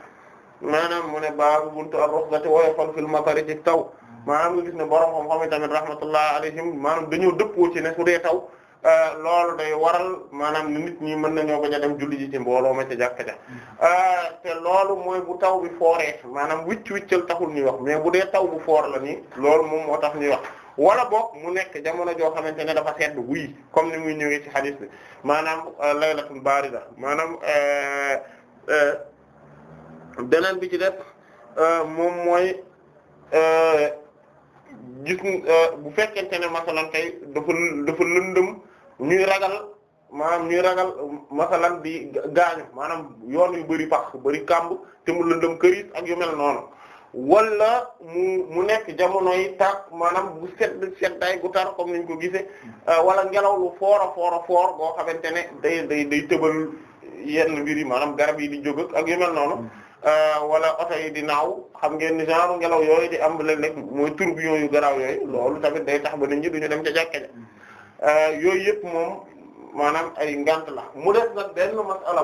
maanaam mu ne baabu buntu ar-rukhsati wa fil matari ci taw maanaam nga gis ne borom xam-xam yi tamit rahmatullah alayhim maanaam dañoo dëppoo ci ne su dee taw euh, loolu day waral maanaam nit mën nañoo bañ a dem julli ji ci mbooloo ma ca jàkka ja hmm. euh, te loolu mooy bu taw bi fooree maanaam wicc wiccal taxul ñuy wax mais bu dee taw bu foor la nii loolu moom moo tax ñuy wax wala boog mu nekk jamono joo xamante ne dafa sedd wuy comme ni muy ñëwee ci hadith bi maanaam euh, laylatul barida maanaam beneen bi ci def moom mooy. gis euh, bu fekkente ne masalan tey dafa lëndëm ñuy ragal maanaam ñuy ragal euh, masalan di gaañu maanaam yoon yu bari pax bari kàmb te mu lëndëm këris ak yu mel noonu wala mu mu nekk jamono yi tàkk maanaam bu sedd seddaay gu tar comme niñ ko gise euh, wala ngelaw lu foor a foor a foor ne day day day tëbal yenn mbir yi maanaam garab yi di jóg ak yu mel noonu Euh, wala oto yi di naaw xam ngeen ni genre ngelaw yooyu di am léeg-léeg mooy tourbillon yu garaaw yooyu loolu tamit day tax ba nit ñi duñu dem ca jàkka ja euh, yooyu yëpp moom maanaam ay ngant la mu def nag benn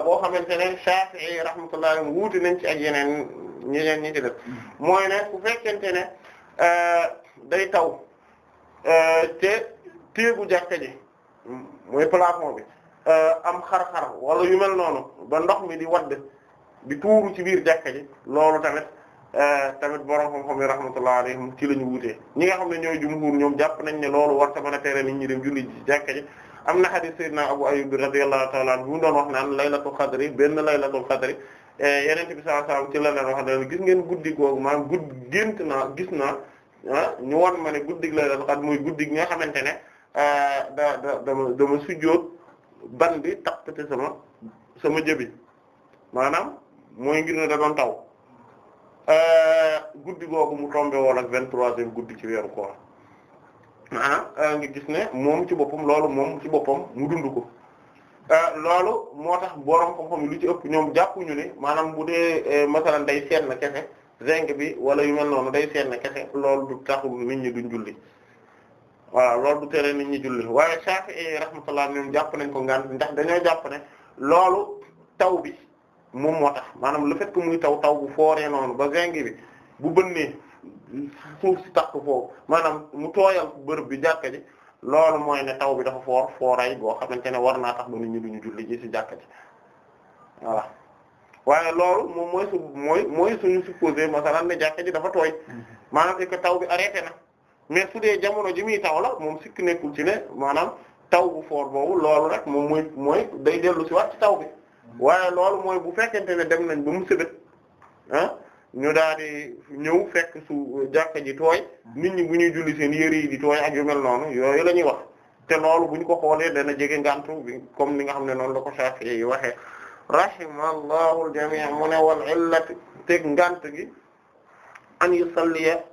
boo xamante ne Shafi'i rahmatullah wuute nañ ci ak yeneen ñeneen ñi ci mooy ne bu fekkente ne euh, day taw te téegu jàkka ji mooy plafond bi am xar-xar wala yu mel noonu ba ndox mi di wadd di tuuru ci biir jàkka ji loolu tamit eh, tamit borom xam-xam yi rahmatullahi alayhim ci la ñu wutee ñi nga xam ne ñooy jumhuur ñoom jàpp nañ ne loolu war ta mën a tere nit ñi dem julli ci jàkka ji am na hadith sayyidina Abu Ayyub radiyallahu ta'ala anhu mu doon wax naan laylatul qadri benn laylatul qadri eh, yeneen bi sallallahu alayhi ci la leen wax ne gis ngeen guddi googu maanaam gudd gént naa gis naa ah, ñu wan ma ne guddig laylatul qadr muy guddi gi nga xamante ne eh, da da dama dama sujjóot ban bi tappate sama sama mooy ngir ne da doon taw euh, guddi googu mu tombé woon ak vingt-troisième guddi ci weeru koor maanaam euh, nga gis ne moom ci boppam loolu moom ci boppam mu dund ko euh, loolu moo tax borom xam-xam yi lu ci ëpp ñoom jàppuñu ne maanaam bu dee masalan day seet na kese zinc bi wala yu mel noonu day seet na kese loolu du taxul nit ñi duñ julli waaw loolu du tere nit ñi julli waaye Shafi'i rahmatullah ñoom jàpp nañ ko ngaan ndax dañoo jàpp ne loolu taw bi moom moo tax maanaam le fait muy taw taw bu fooree noonu ba zinc bi bu bënnee suuf si takk foofu maanaam mu tooyal bërëb bi jàkka ji loolu mooy ne taw bi dafa foor fooray boo xamante ne war naa tax ba nit ñi duñu julli ji si jàkka ji voilà waaye loolu moom mooy su mooy mooy suñu supposé masalan ne jàkka ji dafa tooy mhm. maanaam c'est que taw bi arrêté na mais su dee jamono ji muy taw la moom sikk nekkul ci ne maanaam taw bu foor boobu loolu rek moom mooy mooy day dellu si waat ci taw bi waaye loolu mooy bu fekkente ne dem nañ ba mu sëbët ah, ñu daal di ñëw fekk su jàkka ji tooy nit ñi bu ñuy julli seen yëre yi di tooy ak yu mel noonu yooyu la ñuy wax te loolu bu ñu ko xoolee dana jege ngantu bi comme ni nga xam ne noonu la ko Shafi'i yi waxee rahimallahu al-jami' mu ne teg ngant gi an yusalliya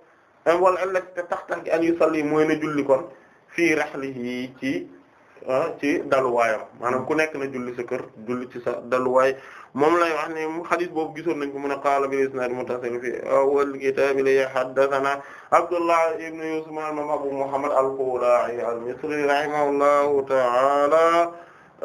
wal illati te tax tax gi an yusalli mooy na julli kon fii yi ci Ah, ci daluwaayam maanaam ku nekk na julli sa kër julli ci sa daluwaay moom lay wax ne hadith boobu gisoon nañ ko mun a qaala bil isnaad muttasil fi awwal kitaab li haddathana Abdullah ibn Yusuf maanaam Abu Muhammad al-Khuzaa'i al-Misri rahimahullahu ta'ala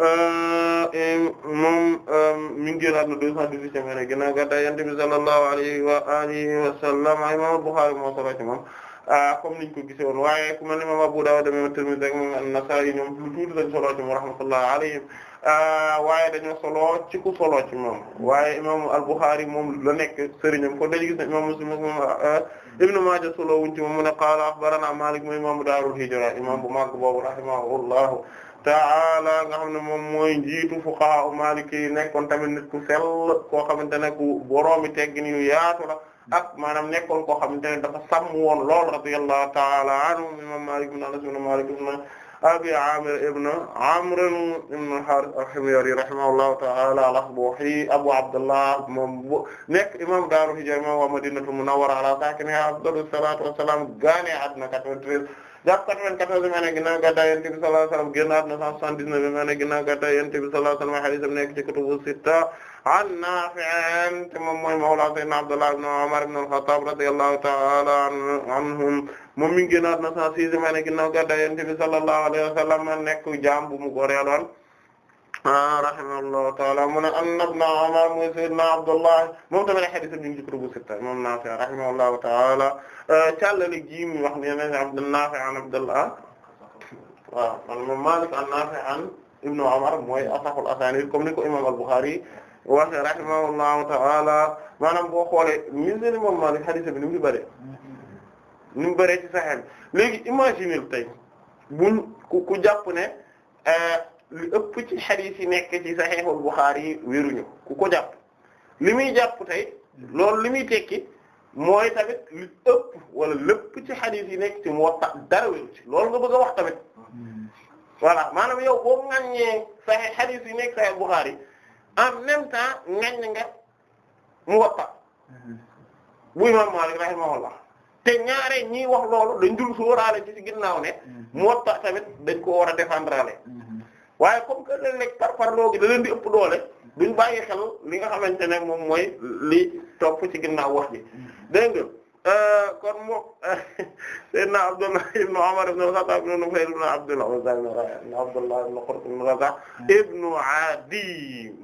eh, eh, moom eh, mi ngi génnaat na deux cent dix-huit ci ginnaaw gàddaay Yonent bi sallallahu alayhi wa alihi wa sallam imam Bukhari moo ci moom Ah, comme ni ko gisee woon waaye ku mel ni imam Abu Dawud imam Tirmidhi ak imam An-Nasa'i ñoom lu tuuti lañ solo ci moom rahmatullahi alayhim ah, waaye dañoo solo ku solo ci moom waaye imam Al-Bukhari moom la nekk sëriñam kon dañu gis ne imam Muslim moom ah, Ibn Maaja solo wuñ ci moom mu ne qaala akhbarana Maalik mooy imam Daarul Hijra imam bu mag boobu rahimahullahu ta'ala ne moom mooy njiitu fuqaha Maalik yi nekkoon tamit nit ku sell koo xamante ne ku boroomi teggin yu yaatu la ak maanaam nekkoon koo xamante ne dafa sàmm woon lool radiyallahu ta'ala anhu imam Malik ibn Anas ibn Malik ibn Abi Amir ibn Amr ibn al-Harith al-Himyari rahimahullahu ta'ala al-Asbahi Abu Abdullah moom nekk imam Daaru Hijra imam wa Madinatul Munawwara ala sakiniha afdalu salatu wassalam gaane àdduna 93 jàpp 94 ma ne ginnaaw gàddaay Yonent bi sallallahu alayhi wasallam génn àdduna 179 ma ne ginnaaw gàddaay Yonent bi sallallahu alayhi wasallam hadith am nekk ci kutubu sitta an Naafi' te moom mooy mawla sayyidina Abdullah ibn Umar ibn al-Khattab radiyallahu ta'ala anhum moom mi ngi génnaat na cent sixième année ginnaaw gàddaay Yonent bi sallallahu alayhi wa sallam nekk jaam bu mu goreeloon ah, rahimahullahu ta'ala mu ne anna ibn Umar mooy sayyidina Abdullah moom tamit hadiis bi ngi ci kutubu sitta moom Naafi' rahimahullahu ta'ala ah, càllale gii mu wax ne Naafi' an Abdullah waaw man Maalik an Naafi' an ibn Umar mooy asahul asaanid comme ni ko imam al-Bukhari waxe rahimahullahu ta'ala maanaam boo xoolee misali moom Maalik xadiis bi ni mu di bëree ni mu ci Sahih léegi imaginer tey buñ ku ku jàpp ne euh, li ëpp ci xadiis yi nekk ci Sahihul Bukhari wéruñu ku ko jàpp li muy jàpp tey loolu li muy tekki mooy tamit li ëpp wala lépp ci xadiis yi nekk ci Muwatta dara wéru ci loolu nga bëgg a wax tamit hmm. voilà maanaam yow boo ŋàññee Sahih xadiis yi nekk Sahih Bukhari en même temps ngañ nga Muwatta bu ma imam Malik rahimahullah te ñaare ñii wax loolu dañ dul sóoraale ci ginnaaw ne mm-hmm. Muwatta tamit dañ ko war a défendraale mm-hmm. waaye comme que leen nekk par par loogi da leen di ëpp doole duñ bàyyi xel li nga xamante ne moom mooy li topp ci ginnaaw wax ji mm-hmm. dégg nga Euh, kon moom <laughs> Seydina Abdullah ibn Umar ibn al-Khattab ibn Nufayl ibn Abdul Uzza ibn Abdullah ibn Qurt ibn Raza hmm. ibn Adi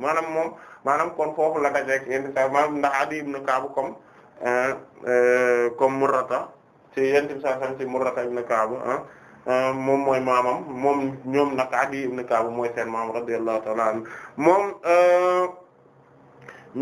maanaam moom maanaam kon foofu la daje ak yéen sa maanaam ndax Adi ibn Ka'b comme euh, euh, comme Murrata ci yéen tamit saa sant ci Murrata ibn Ka'b ah, ah, moom mooy maamam moom ñoom nag Adi ibn Ka'b mooy seen maam radiyallahu ta'ala anhu moom.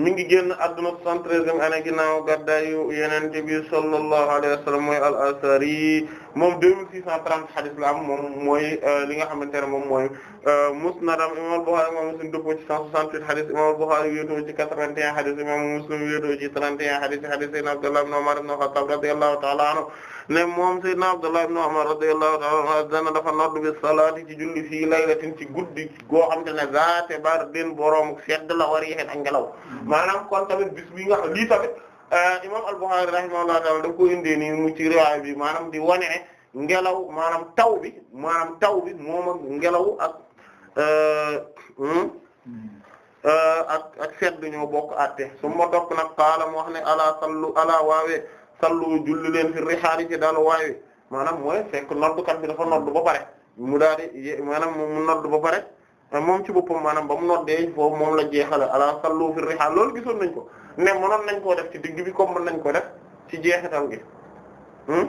mi ngi génn adduna 73e année ginnaaw gàddaayu Yonent bi sallallahu alayhi wa sallam mooy al-Asari moom 2630 hadith la am moom mooy euh, li nga xamante ne moom mooy euh, musnadam imam al-Bukhari imam Muslim dëppoo ci 168 hadith imam al-Bukhari wéetoo ci 81 hadith imam Muslim wéetoo ci 31 hadith hadith sayyidina Abdullah ibn Umar ibn Khattab radiyallahu ta'ala anhu ne moom sayyidina Abdullah ibn Umar radiyallahu ta'ala anhu dana dafa nodd bi salaati ci julli fii laylatin ci guddi goo xamante ne zaate bardin boroom sedd la war yexet ak ngelaw mm-hmm. maanaam kon tamit bis bi nga xam lii tamit Euh, imam al-Bukhari rahimahullahu taala daf ko indee nii mu ci riwaaya bi maanaam di wane ne ngelaw maanaam taw bi maanaam taw bi moom ngelaw ak euh, hmm? euh, ak ak sedd ñoo bokk àtte su ma topp nag qaala mu ne alaa sallu alaa waawee sallu julli leen fi rihaali ci daal waawee maanaam mooy fekk noddukat bi dafa noddu ba pare mu daal di maanaam mu noddu ba pare moom ci boppam maanaam ba mu noddee foofu moom la jeexale ala sallu fi rihaal loolu gisoon nañ ko ne mënoon nañ koo def ci digg bi comme mën nañ ko def ci jeexital gi hmm?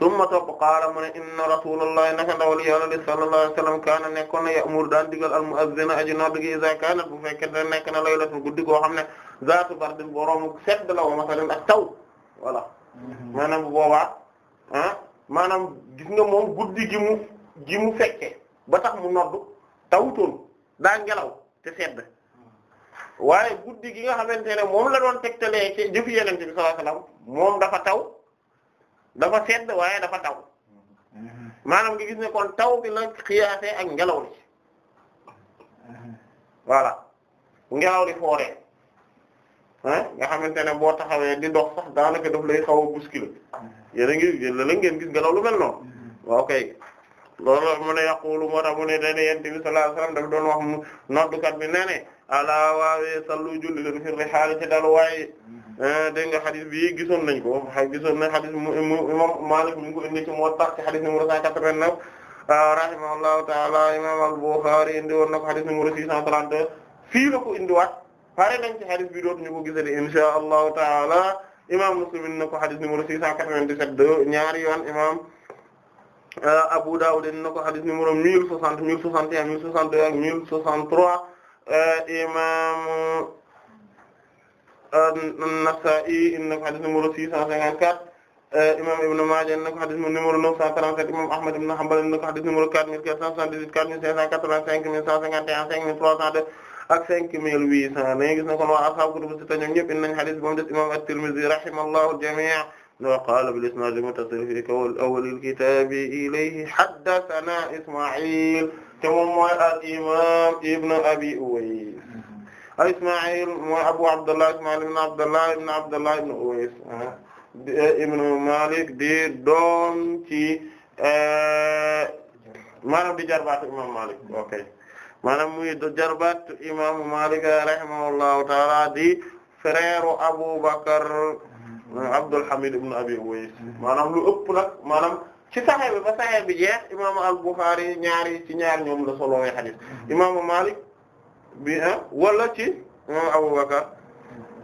summa topp qaala mu ne inna rasulallahi naka ndawal yàlla li sallallahu alayhi wa kaana nekkoon na ya'muru daan digal al mu'azzina aji nodd gi iza kaanat bu fekkee da nekk na laylatu guddi goo xam ne zaatu bardin boroomu sedd la wa masalan ak taw voilà mm-hmm. maanaam bu ah, maanaam gis nga moom guddi gi mu gi mu fekke ba tax mu nodd taw tawutoon daa ngelaw te sedd waaye guddi gi nga xamante ne moom la doon tegtalee ci jëf yenente bi sallallahu alayhi wasallam moom dafa taw dafa sedd waaye dafa taw maanaam nga gis ne kon taw bi la xiyaasee ak ngelaw li voilà ngelaw li fooree ah nga xamante ne boo taxawee di dox sax daanaka daf lay xaw a bousculer yéena ngi la ngeen gis ngelaw lu mel noonu mm-hmm. waaw loolu mu ne yaqulu moo tax mu ne dane yente bi sallallahu alayhi wasallam daf doon wax mu noddukat bi ne ne ala sallu julli leen fi rihaal ci dal eh, xadis bi gisoon nañ ko gisoon nañ xadis mu imam Maalik mi ngi ko indi ci Muwatta ci xadis numéro 189 ah, rahimahullahu taala imam al indi woon na ko xadis numéro 632 fii la ko indiwaat pare nañ ci xadis bi dootuñu ko gisati inshaa Allahu taala imam Muslim indi na ko xadis numéro 697 ñaari yoon imam Euh, Abu Dawud na ko xadis numéro 1060 1061 1062 ak 1063 euh, imam euh, An-Nasa'i na ko xadis numéro 654 imam Ibn Maaja na ko xadis numéro 937 imam Ahmad ibn Hanbal na ko xadis numéro 4478 4585 1151 5302 ak 5800 da ngay gis ne kon waa ashaabu kutubu sitta ñoom ñëpp indi nañu xadis ba mu des imam At-Tirmidhi rahimahullahu al-jami' wa qaala bil isnaad muttasil fi awwalil kitaabi ilayhi haddathanaa Isma'il te moom mooy al imaam Ibn Abi Uways Isma'il mooy Abu Abdallah Isma'il ibn Abdallah ibn Abdallah ibn Uways ibn Malik di doom ci eh, maanaam di jarbaatu imaamu Malik ok maanaam muy jarbaatu imaamu Malik rahimahullahu ta'ala di frère Abu Bakr Abdul Hamid ibn Abi Uways maanaam lu ëpp nag maanaam ci Sahih bi ba Sahih bi jeex imaamu al-Bukhari ñaari ci ñaar ñoom la solowee xadis imaamu Malik bi ah, wala ci imaamu Abu Bakar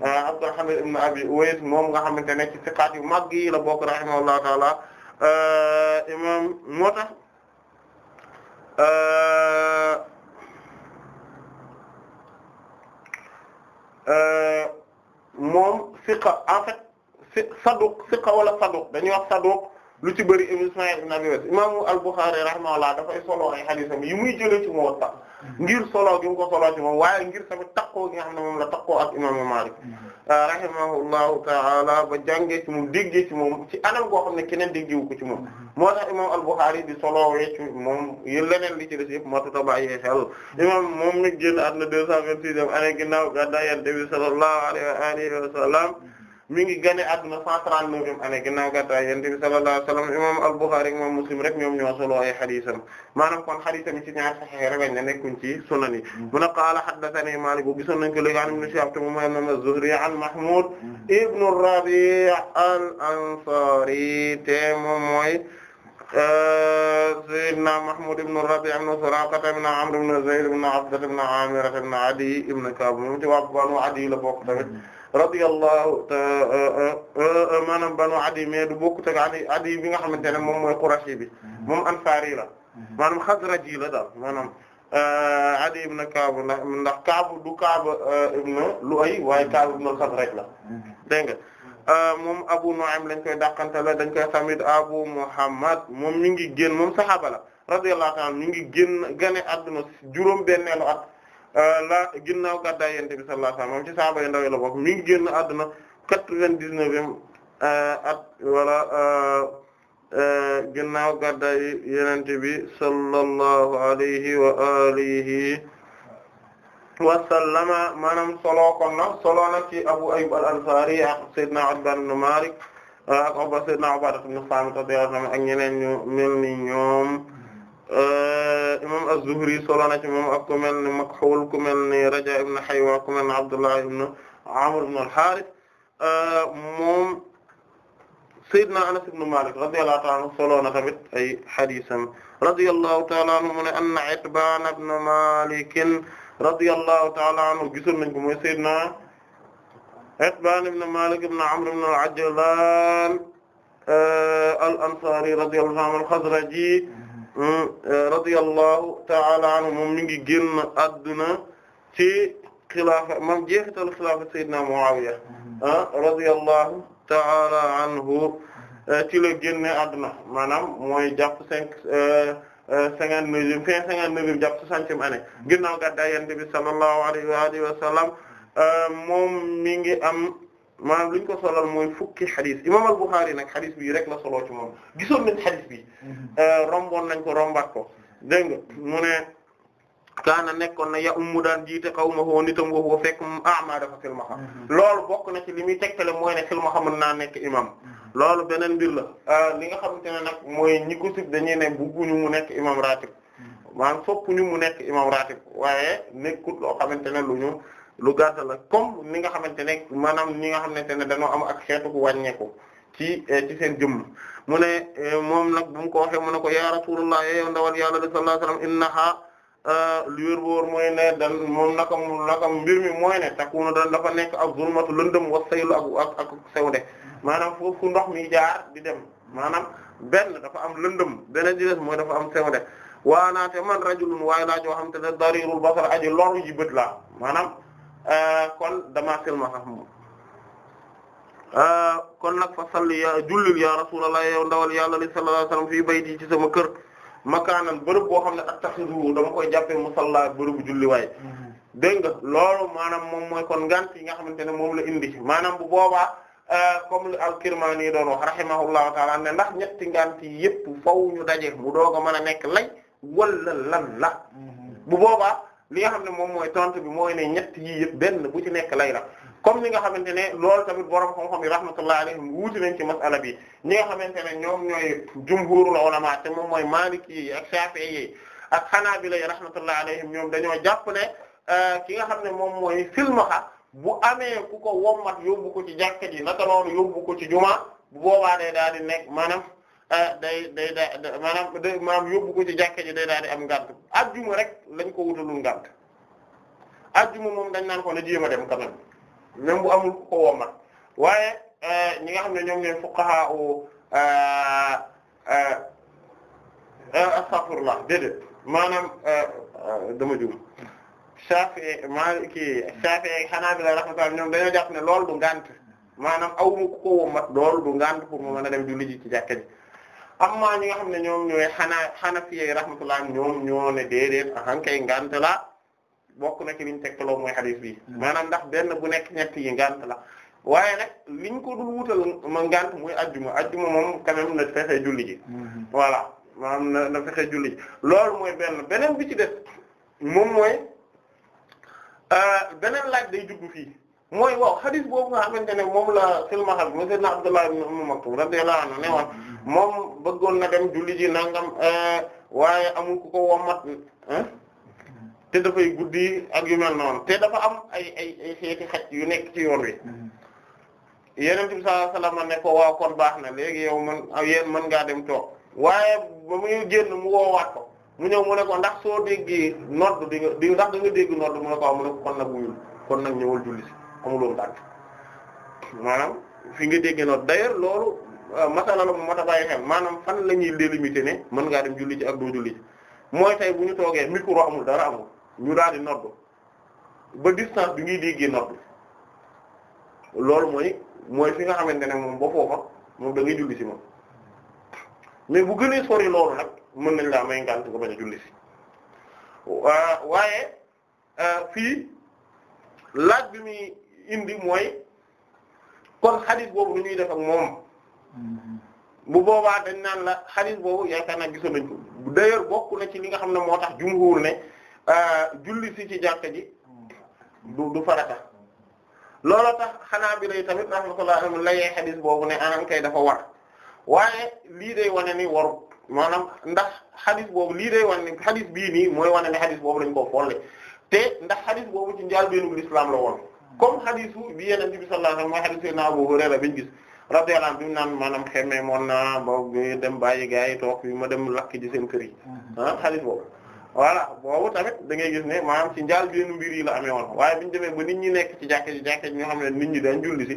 ah, Abdul Hamid ibn Abi Uways moom nga xamante ne ci siqaat yu mag yi la bokk rahimahullahu taala ah, imaam moo tax moom siqa en fait si saduq siqa wala saduq dañuy wax saduq lu ci bëri Ismaïl ibn Abi Uways imaamu al-Bukhari rahimahullah dafay solo ay xadiisam yi jël jëlee ci Muwatta hmm. ngir solo gi mu ko solo ci moom waaye ngir tamit takkoo gi nga xam ne moom la takkoo ak imaamu Maalik hmm. ah, rahimahullahu ta'ala ba jàngee ci moom déggee ci moom ci anam goo xam ne keneen déggewu ko ci mo hmm. moo tax imam al-Bukhari di solowee ci moom y leneen li ci des yëpp matuta bàyyee xel imam moom mi génn àdduna deux cent vingt-sixième année ginnaaw gàddaay Yonent mi ngi gane adduna 139e année ginnaaw gàddaay yonent bi sallallahu alayhi wasallam imam al-Bukhari ak imam Muslim rek ñoom ñoo solo ay haditham maanaam kon haditham yi ci ñaar sahih rek lañ nekkuñ ci sunan yi mun qaala haddathani Maalik bu gisoon nañ ko léegi an ibn Shihab moom imam az-Zuhri an Mahmud ibn Rabi' al-Ansari te moom mooy sayyidina Mahmud ibn Rabi' ibn Suraqa ibn Amr ibn Zayd ibn Abda ibn Amir ibn Adi ibn Ka'b moom ci waa Banu Adi la bokk tamit radiyallahu uh, uh, uh, maanaam banu adi mais du bokkut ak adi adi bi nga xamante ne moom mooy qurashi bi mm-hmm. moom ansaari la mm-hmm. maanaam xazraji la daal maanaam adi ibn Kaab ndax ndax Kaab du Kaab ibn Lu'ay waaye Kaab ibn al-Xazraj la mm-hmm. dégg nga moom Abu Nu'aym lañ koy dàqante la dañ koy tamit Abu Muhammad moom mi ngi génn moom saxaaba la radiyallahu ta'ala mi ngi génn gane adduna juróom benneelu at Euh, la ginnaaw gàddaay yonent bi sallallahu alayhi wasallam moom ci saaba yu àdduna quatre wala euh, euh, ginnaaw gàddaay yenn bi sallallahu alayhi wa alihi maanaam solo kon na solo na Abu Ayyub al-Ansari ak Seydina Adban Malik ak Seydina Ubaada ibn Saamit radiyallahu anhu ak ñeneen ñu mel ñoom imam az-Zuhri solo na ci moom ak ku mel ni Makhul ku mel ni Raja ibn Haywa ku mel ni Abdullah ibn Amr ibn al-Harith moom Seydina Anas ibn Malik radiyallahu ta'ala anhu solo na tamit ay hadisam radiyallahu ta'ala anhu mu ne anna Itbaan ibn Malik radiyallahu ta'ala anhu gisoon nañ ko mooy Seydina Itbaan ibn Malik ibn Amr ibn al-Ajlan eh, al-Ansari radiyallahu anhu al-Khazraji radiyallahu ta'ala anhu moom mi ngi génn adduna ci xilaafa mam jeexital xilaafa Seydina Muawiya mm-hmm. ah, radiyallahu ta'ala anhu mm-hmm. ci la génne adduna maanaam mooy jàpp cinq euh, euh, cinquante neuvième fin cinquante neuvième jàpp soixantième année mm-hmm. ginnaaw gàddaay Yonent bi sallallahu alayhi wa alihi wa sallam euh, moom mi ngi am maanaam li ñu ko solal mooy fukki xadis imam al-Bukhari nag xadis bii rek la soloo ci moom gisoon nañ xadis bi euh, romboon nañ ko rombaat ko dégg nga mu ne kaana nekkoon na ya ummu daan jiite xaw ma woo nitam woo fekk ama dafa mm-hmm. loolu bokk na ci li muy tegtale mooy ne xilmaxa mën naa nekk imam mm-hmm. loolu beneen mbir la euh, li nga xamante ne nag mooy ñi ko sib bugguñu mu nekk imam ratib mm-hmm. maanaam mu nekk imam ratib waaye nekkut loo xamante ne lu ñu lu gàttal la comme ni nga xamante ne maanaam ñi nga xamante ne dañoo am ak wañ wàññeeku ci eh, ci seen jëmm mu ne eh, moom nag bu mu ko waxee mu ne ko ya rasulullah yow ndawal yàlla sallallahu alayhi wasallam innaha eh, lu wér wóor mooy ne dan moom naka naka mbir mi mooy ne takunu dan dafa nekk ak zulmatu lëndëm wa saylu ak ak ak sew de maanaam foofu fu ndox mi jaar di dem maanaam benn dafa am lëndëm beneen di des mooy dafa am sew de waanaate man rajulun waaye laa joo xam te ne darirul basar aji loru ji bët laa Euh, kon dama silmaxa moom euh, kon nag fa salli ya jullil ya rasulullah yow ndawal yàlla li sallallahu alayhi wasallam fii bayti ci sama kër makaanan bërëb boo xam ne attaxidu dama koy jàppee musalla bërëbu mm-hmm. nga loolu maanaam moom mooy kon ngant yi nga xamante ne moom la indi maanaam bu boobaa euh, comme al-Kirmani doon wax ndax ñetti ngant yi yëpp faw ñu mu doog a mën a nekk lay wala la mm-hmm. bu boobaa li nga xam ne moom mooy tontu bi mooy ne ñett yii yëpp benn bu ci nekk lay la comme ni nga xamante ne loolu tamit borom xam-xam yi rahmatullah alayhim wuuti nañ ci masala bi ñi nga xamante ne ñoom ñooy jumhurul ulama te moom mooy maliki yi ak shafi'i yi ak hanabila yi rahmatullah alayhim ñoom dañoo jàpp ne euh, ki nga xam ne moom mooy silmaxa bu amee ku ko wommat yóbbu ko ci jàkka ji naka noonu yóbbu ko ci juma bu boobaa day daal di nekk maanaam Eh, day day daa maanaam day maanaam yóbbu ko ci jàkka ji day daal am ngànt ajjuma rek lañ ko wutalul ngànt ajjuma moom dañ naan ko na jéem a dem quand même bu amul ko wommat waaye eh, ñi nga xam ne ñoom ñooy fuqaha u eh, astaghfirullah déedéet maanaam dama jum Shafi'i Maliki Shafi'i Hanabila rahmatullah ñoom dañoo jàpp ne loolu du ngànt maanaam aw mu ko wommat loolu du ngànt pour mu mën a dem julli ji ci jàkka ji amma ñi nga xam ne ñoom ñooy xanaa xanafiyey rahmatullah ñoom ñoo ne déedéet axankay ngant la bokk na ci liñ tegtaloo mooy xadis bi hmm. maanaam ndax benn bu nekk ñett yi ngant la waaye nag liñ ko dul wutal ma ngant muy ajjuma ajjuma moom quand na fexe julli ji hmm. voilà maanaam na na fexe julli loolu mooy benn beneen bi ci def moom mooy euh, beneen laaj day dugg fii mooy waaw xarit boobu nga xamante ne moom la silmaxa bi monsieur Abdullah ibn Umm Maktum radiyallahu anhu ne woon moom bëggoon na dem julli ji nangam eh, waaye amul ku ko wommat eh, te dafay guddi ak yu mel noonu te dafa am ay ay ay xeeti xaj yu nekk ci yoon wi yeneen bi sallallahu alayhi wasallam ne ko waaw kon baax na léegi yow man yéen mën ngaa dem toog waaye ba muy génn mu woowaat ko mu ñëw mu ne ko ndax soo déggee nodd di nga di ndax da nga dégg nodd mu ne ko waaw mu ne ko kon kon nag ñëwal julli si amuloon tànk maanaam fi nga dégg noonu d'ailleurs loolu euh, masala la mu mat a bàyyi xel maanaam fan la ñuy délimiter ne mën ngaa dem julli ci ak doo julli ci mooy tey bu ñu toogee micro amul dara amul ñu daal di noddu ba distance bi ngay déggee mooy mooy fi nga xamante ne moom ba foofa moom da ngay julli ci moom mais bu gënee sori loolu nag mën nañ laa may ngànt nga bañ a julli ci waaye euh, fii laaj bi muy indi mooy kon xadis boobu lu ñuy def ak moom mm-hmm. bu boobaa dañ naan la xadis boobu yaakaar naa gisoon nañ ko d'ailleurs bokku na ci li nga xam ne moo tax jumhuur ne euh, julli si ci jàkka ji du du farata looloo tax xanaa bi lay tamit rahmatullah alayhi layee xadis boobu ne anam kay dafa war waaye lii day wane ni waru maanaam ndax xadis boobu lii day wane ni bii nii mooy wane ne boobu lañ koo folle te ndax xadis boobu ci njaal beenub l'islam la woon comme xadisu bi yenente bi sallallahu alayhi wa sallam mooy xadisu gis radiyallahu anhu bi mu naan maanaam xemmee moon naa boobu dem bàyyi gars yi toog fi ma dem lakk ji seen kër yi mhm. ah xadis boobu voilà boobu tamit da ngay gis ne maanaam ci njaal benn mbir yi la amee woon waaye biñu demee ba nit ñi nekk ci jàkke ji jàkke xam ne nit ñi dañ julli si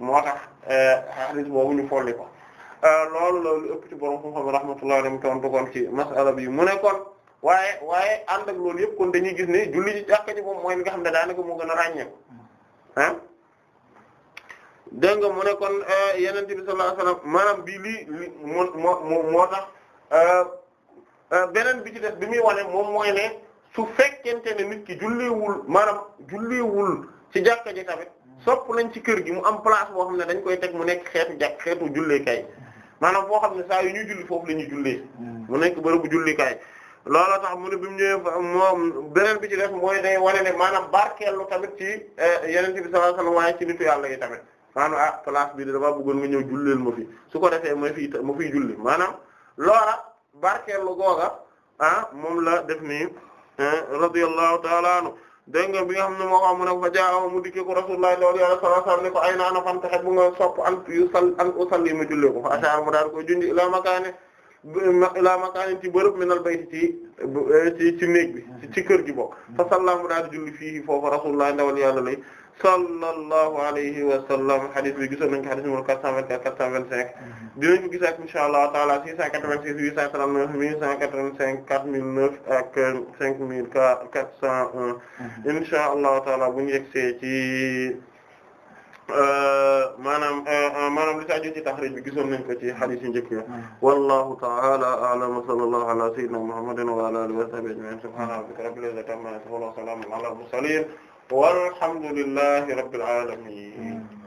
moo tax xadis eh, boobu ñu folli ko eh, loolu loolu ëpp ci borom xam-xam rahmatullahi alayhi tontu kon ci masala bi mu ne kon waaye waaye ànd ak loolu yëpp kon dañuy gis ne julli ci jàkke ji moom mooy li nga xam ne daanaka moo gën a ràññeeku mhm. ah dégg nga mu ne kon euh, yeneen bi sallallahu alayhi wasallam maanaam bii lii moo moo moo tax euh, euh, beneen bi ci des bi muy wane moom mooy ne su fekkente ne nit ki julliwul maanaam julliwul ci jàkka ji tamit sopp nañ ci kër gi mu am place boo xam ne dañ koy teg mu nekk xeetu jàkk xeetu julleekaay maanaam foo xam ne saa yu ñuy julli foofu la ñuy jullee hmm. mu nekk bërëbu jullikaay looloo tax mu ne bi mu ñëwee moom beneen bi ci def mooy day wane ne maanaam barkeelu tamit ci eh, yeneen bi sallallahu alayhi waaye ci nitu yàlla yi tamit maanaam ah place bi dama bëggoon nga ñëw julleel ma fi su ko defee ma fi ma fiy julli maanaam loola barkeelu googa ah moom la def nii eh, radiyallahu ta'ala anhu dégg nga bi nga xam ne moo xam mu ne fa jaaw mu dikkee ko rasulullah sallallahu alayhi wasallam ne ko ay naana fan taxe bu nga sopp an yu sal an usalli ma ko fa ashar mu daal koy jundi ila makaane ilaa makaanin ci bërëb minal bayti ci ci néeg bi ci kër gi bokk fa sallaamu daal di julli fii foofu rasulullah ndawal yàlla lay sallallahu alayhi wa sallam hadith bi gisoon nañ ko hadith numéro 424 425 mhm. dinañ ko gisaat insha allah taala 686 839 1185 4009 ak 5401 insha allah taala bu ñu yegsee ci Euh, maanaam euh, euh, maanaam li ci aju ci taxrij bi gisoon nañ ko ci hadith yu njëkk yi hmm. wallahu ta'ala a'lam wa sallallahu ala sayyidina muhammadin wa ala alihi wa sahbihi ajma'in subhana rabbika rabbil izzati amma yasifun wa salamun ala al mursalin walhamdulillahi rabbil alamin hmm.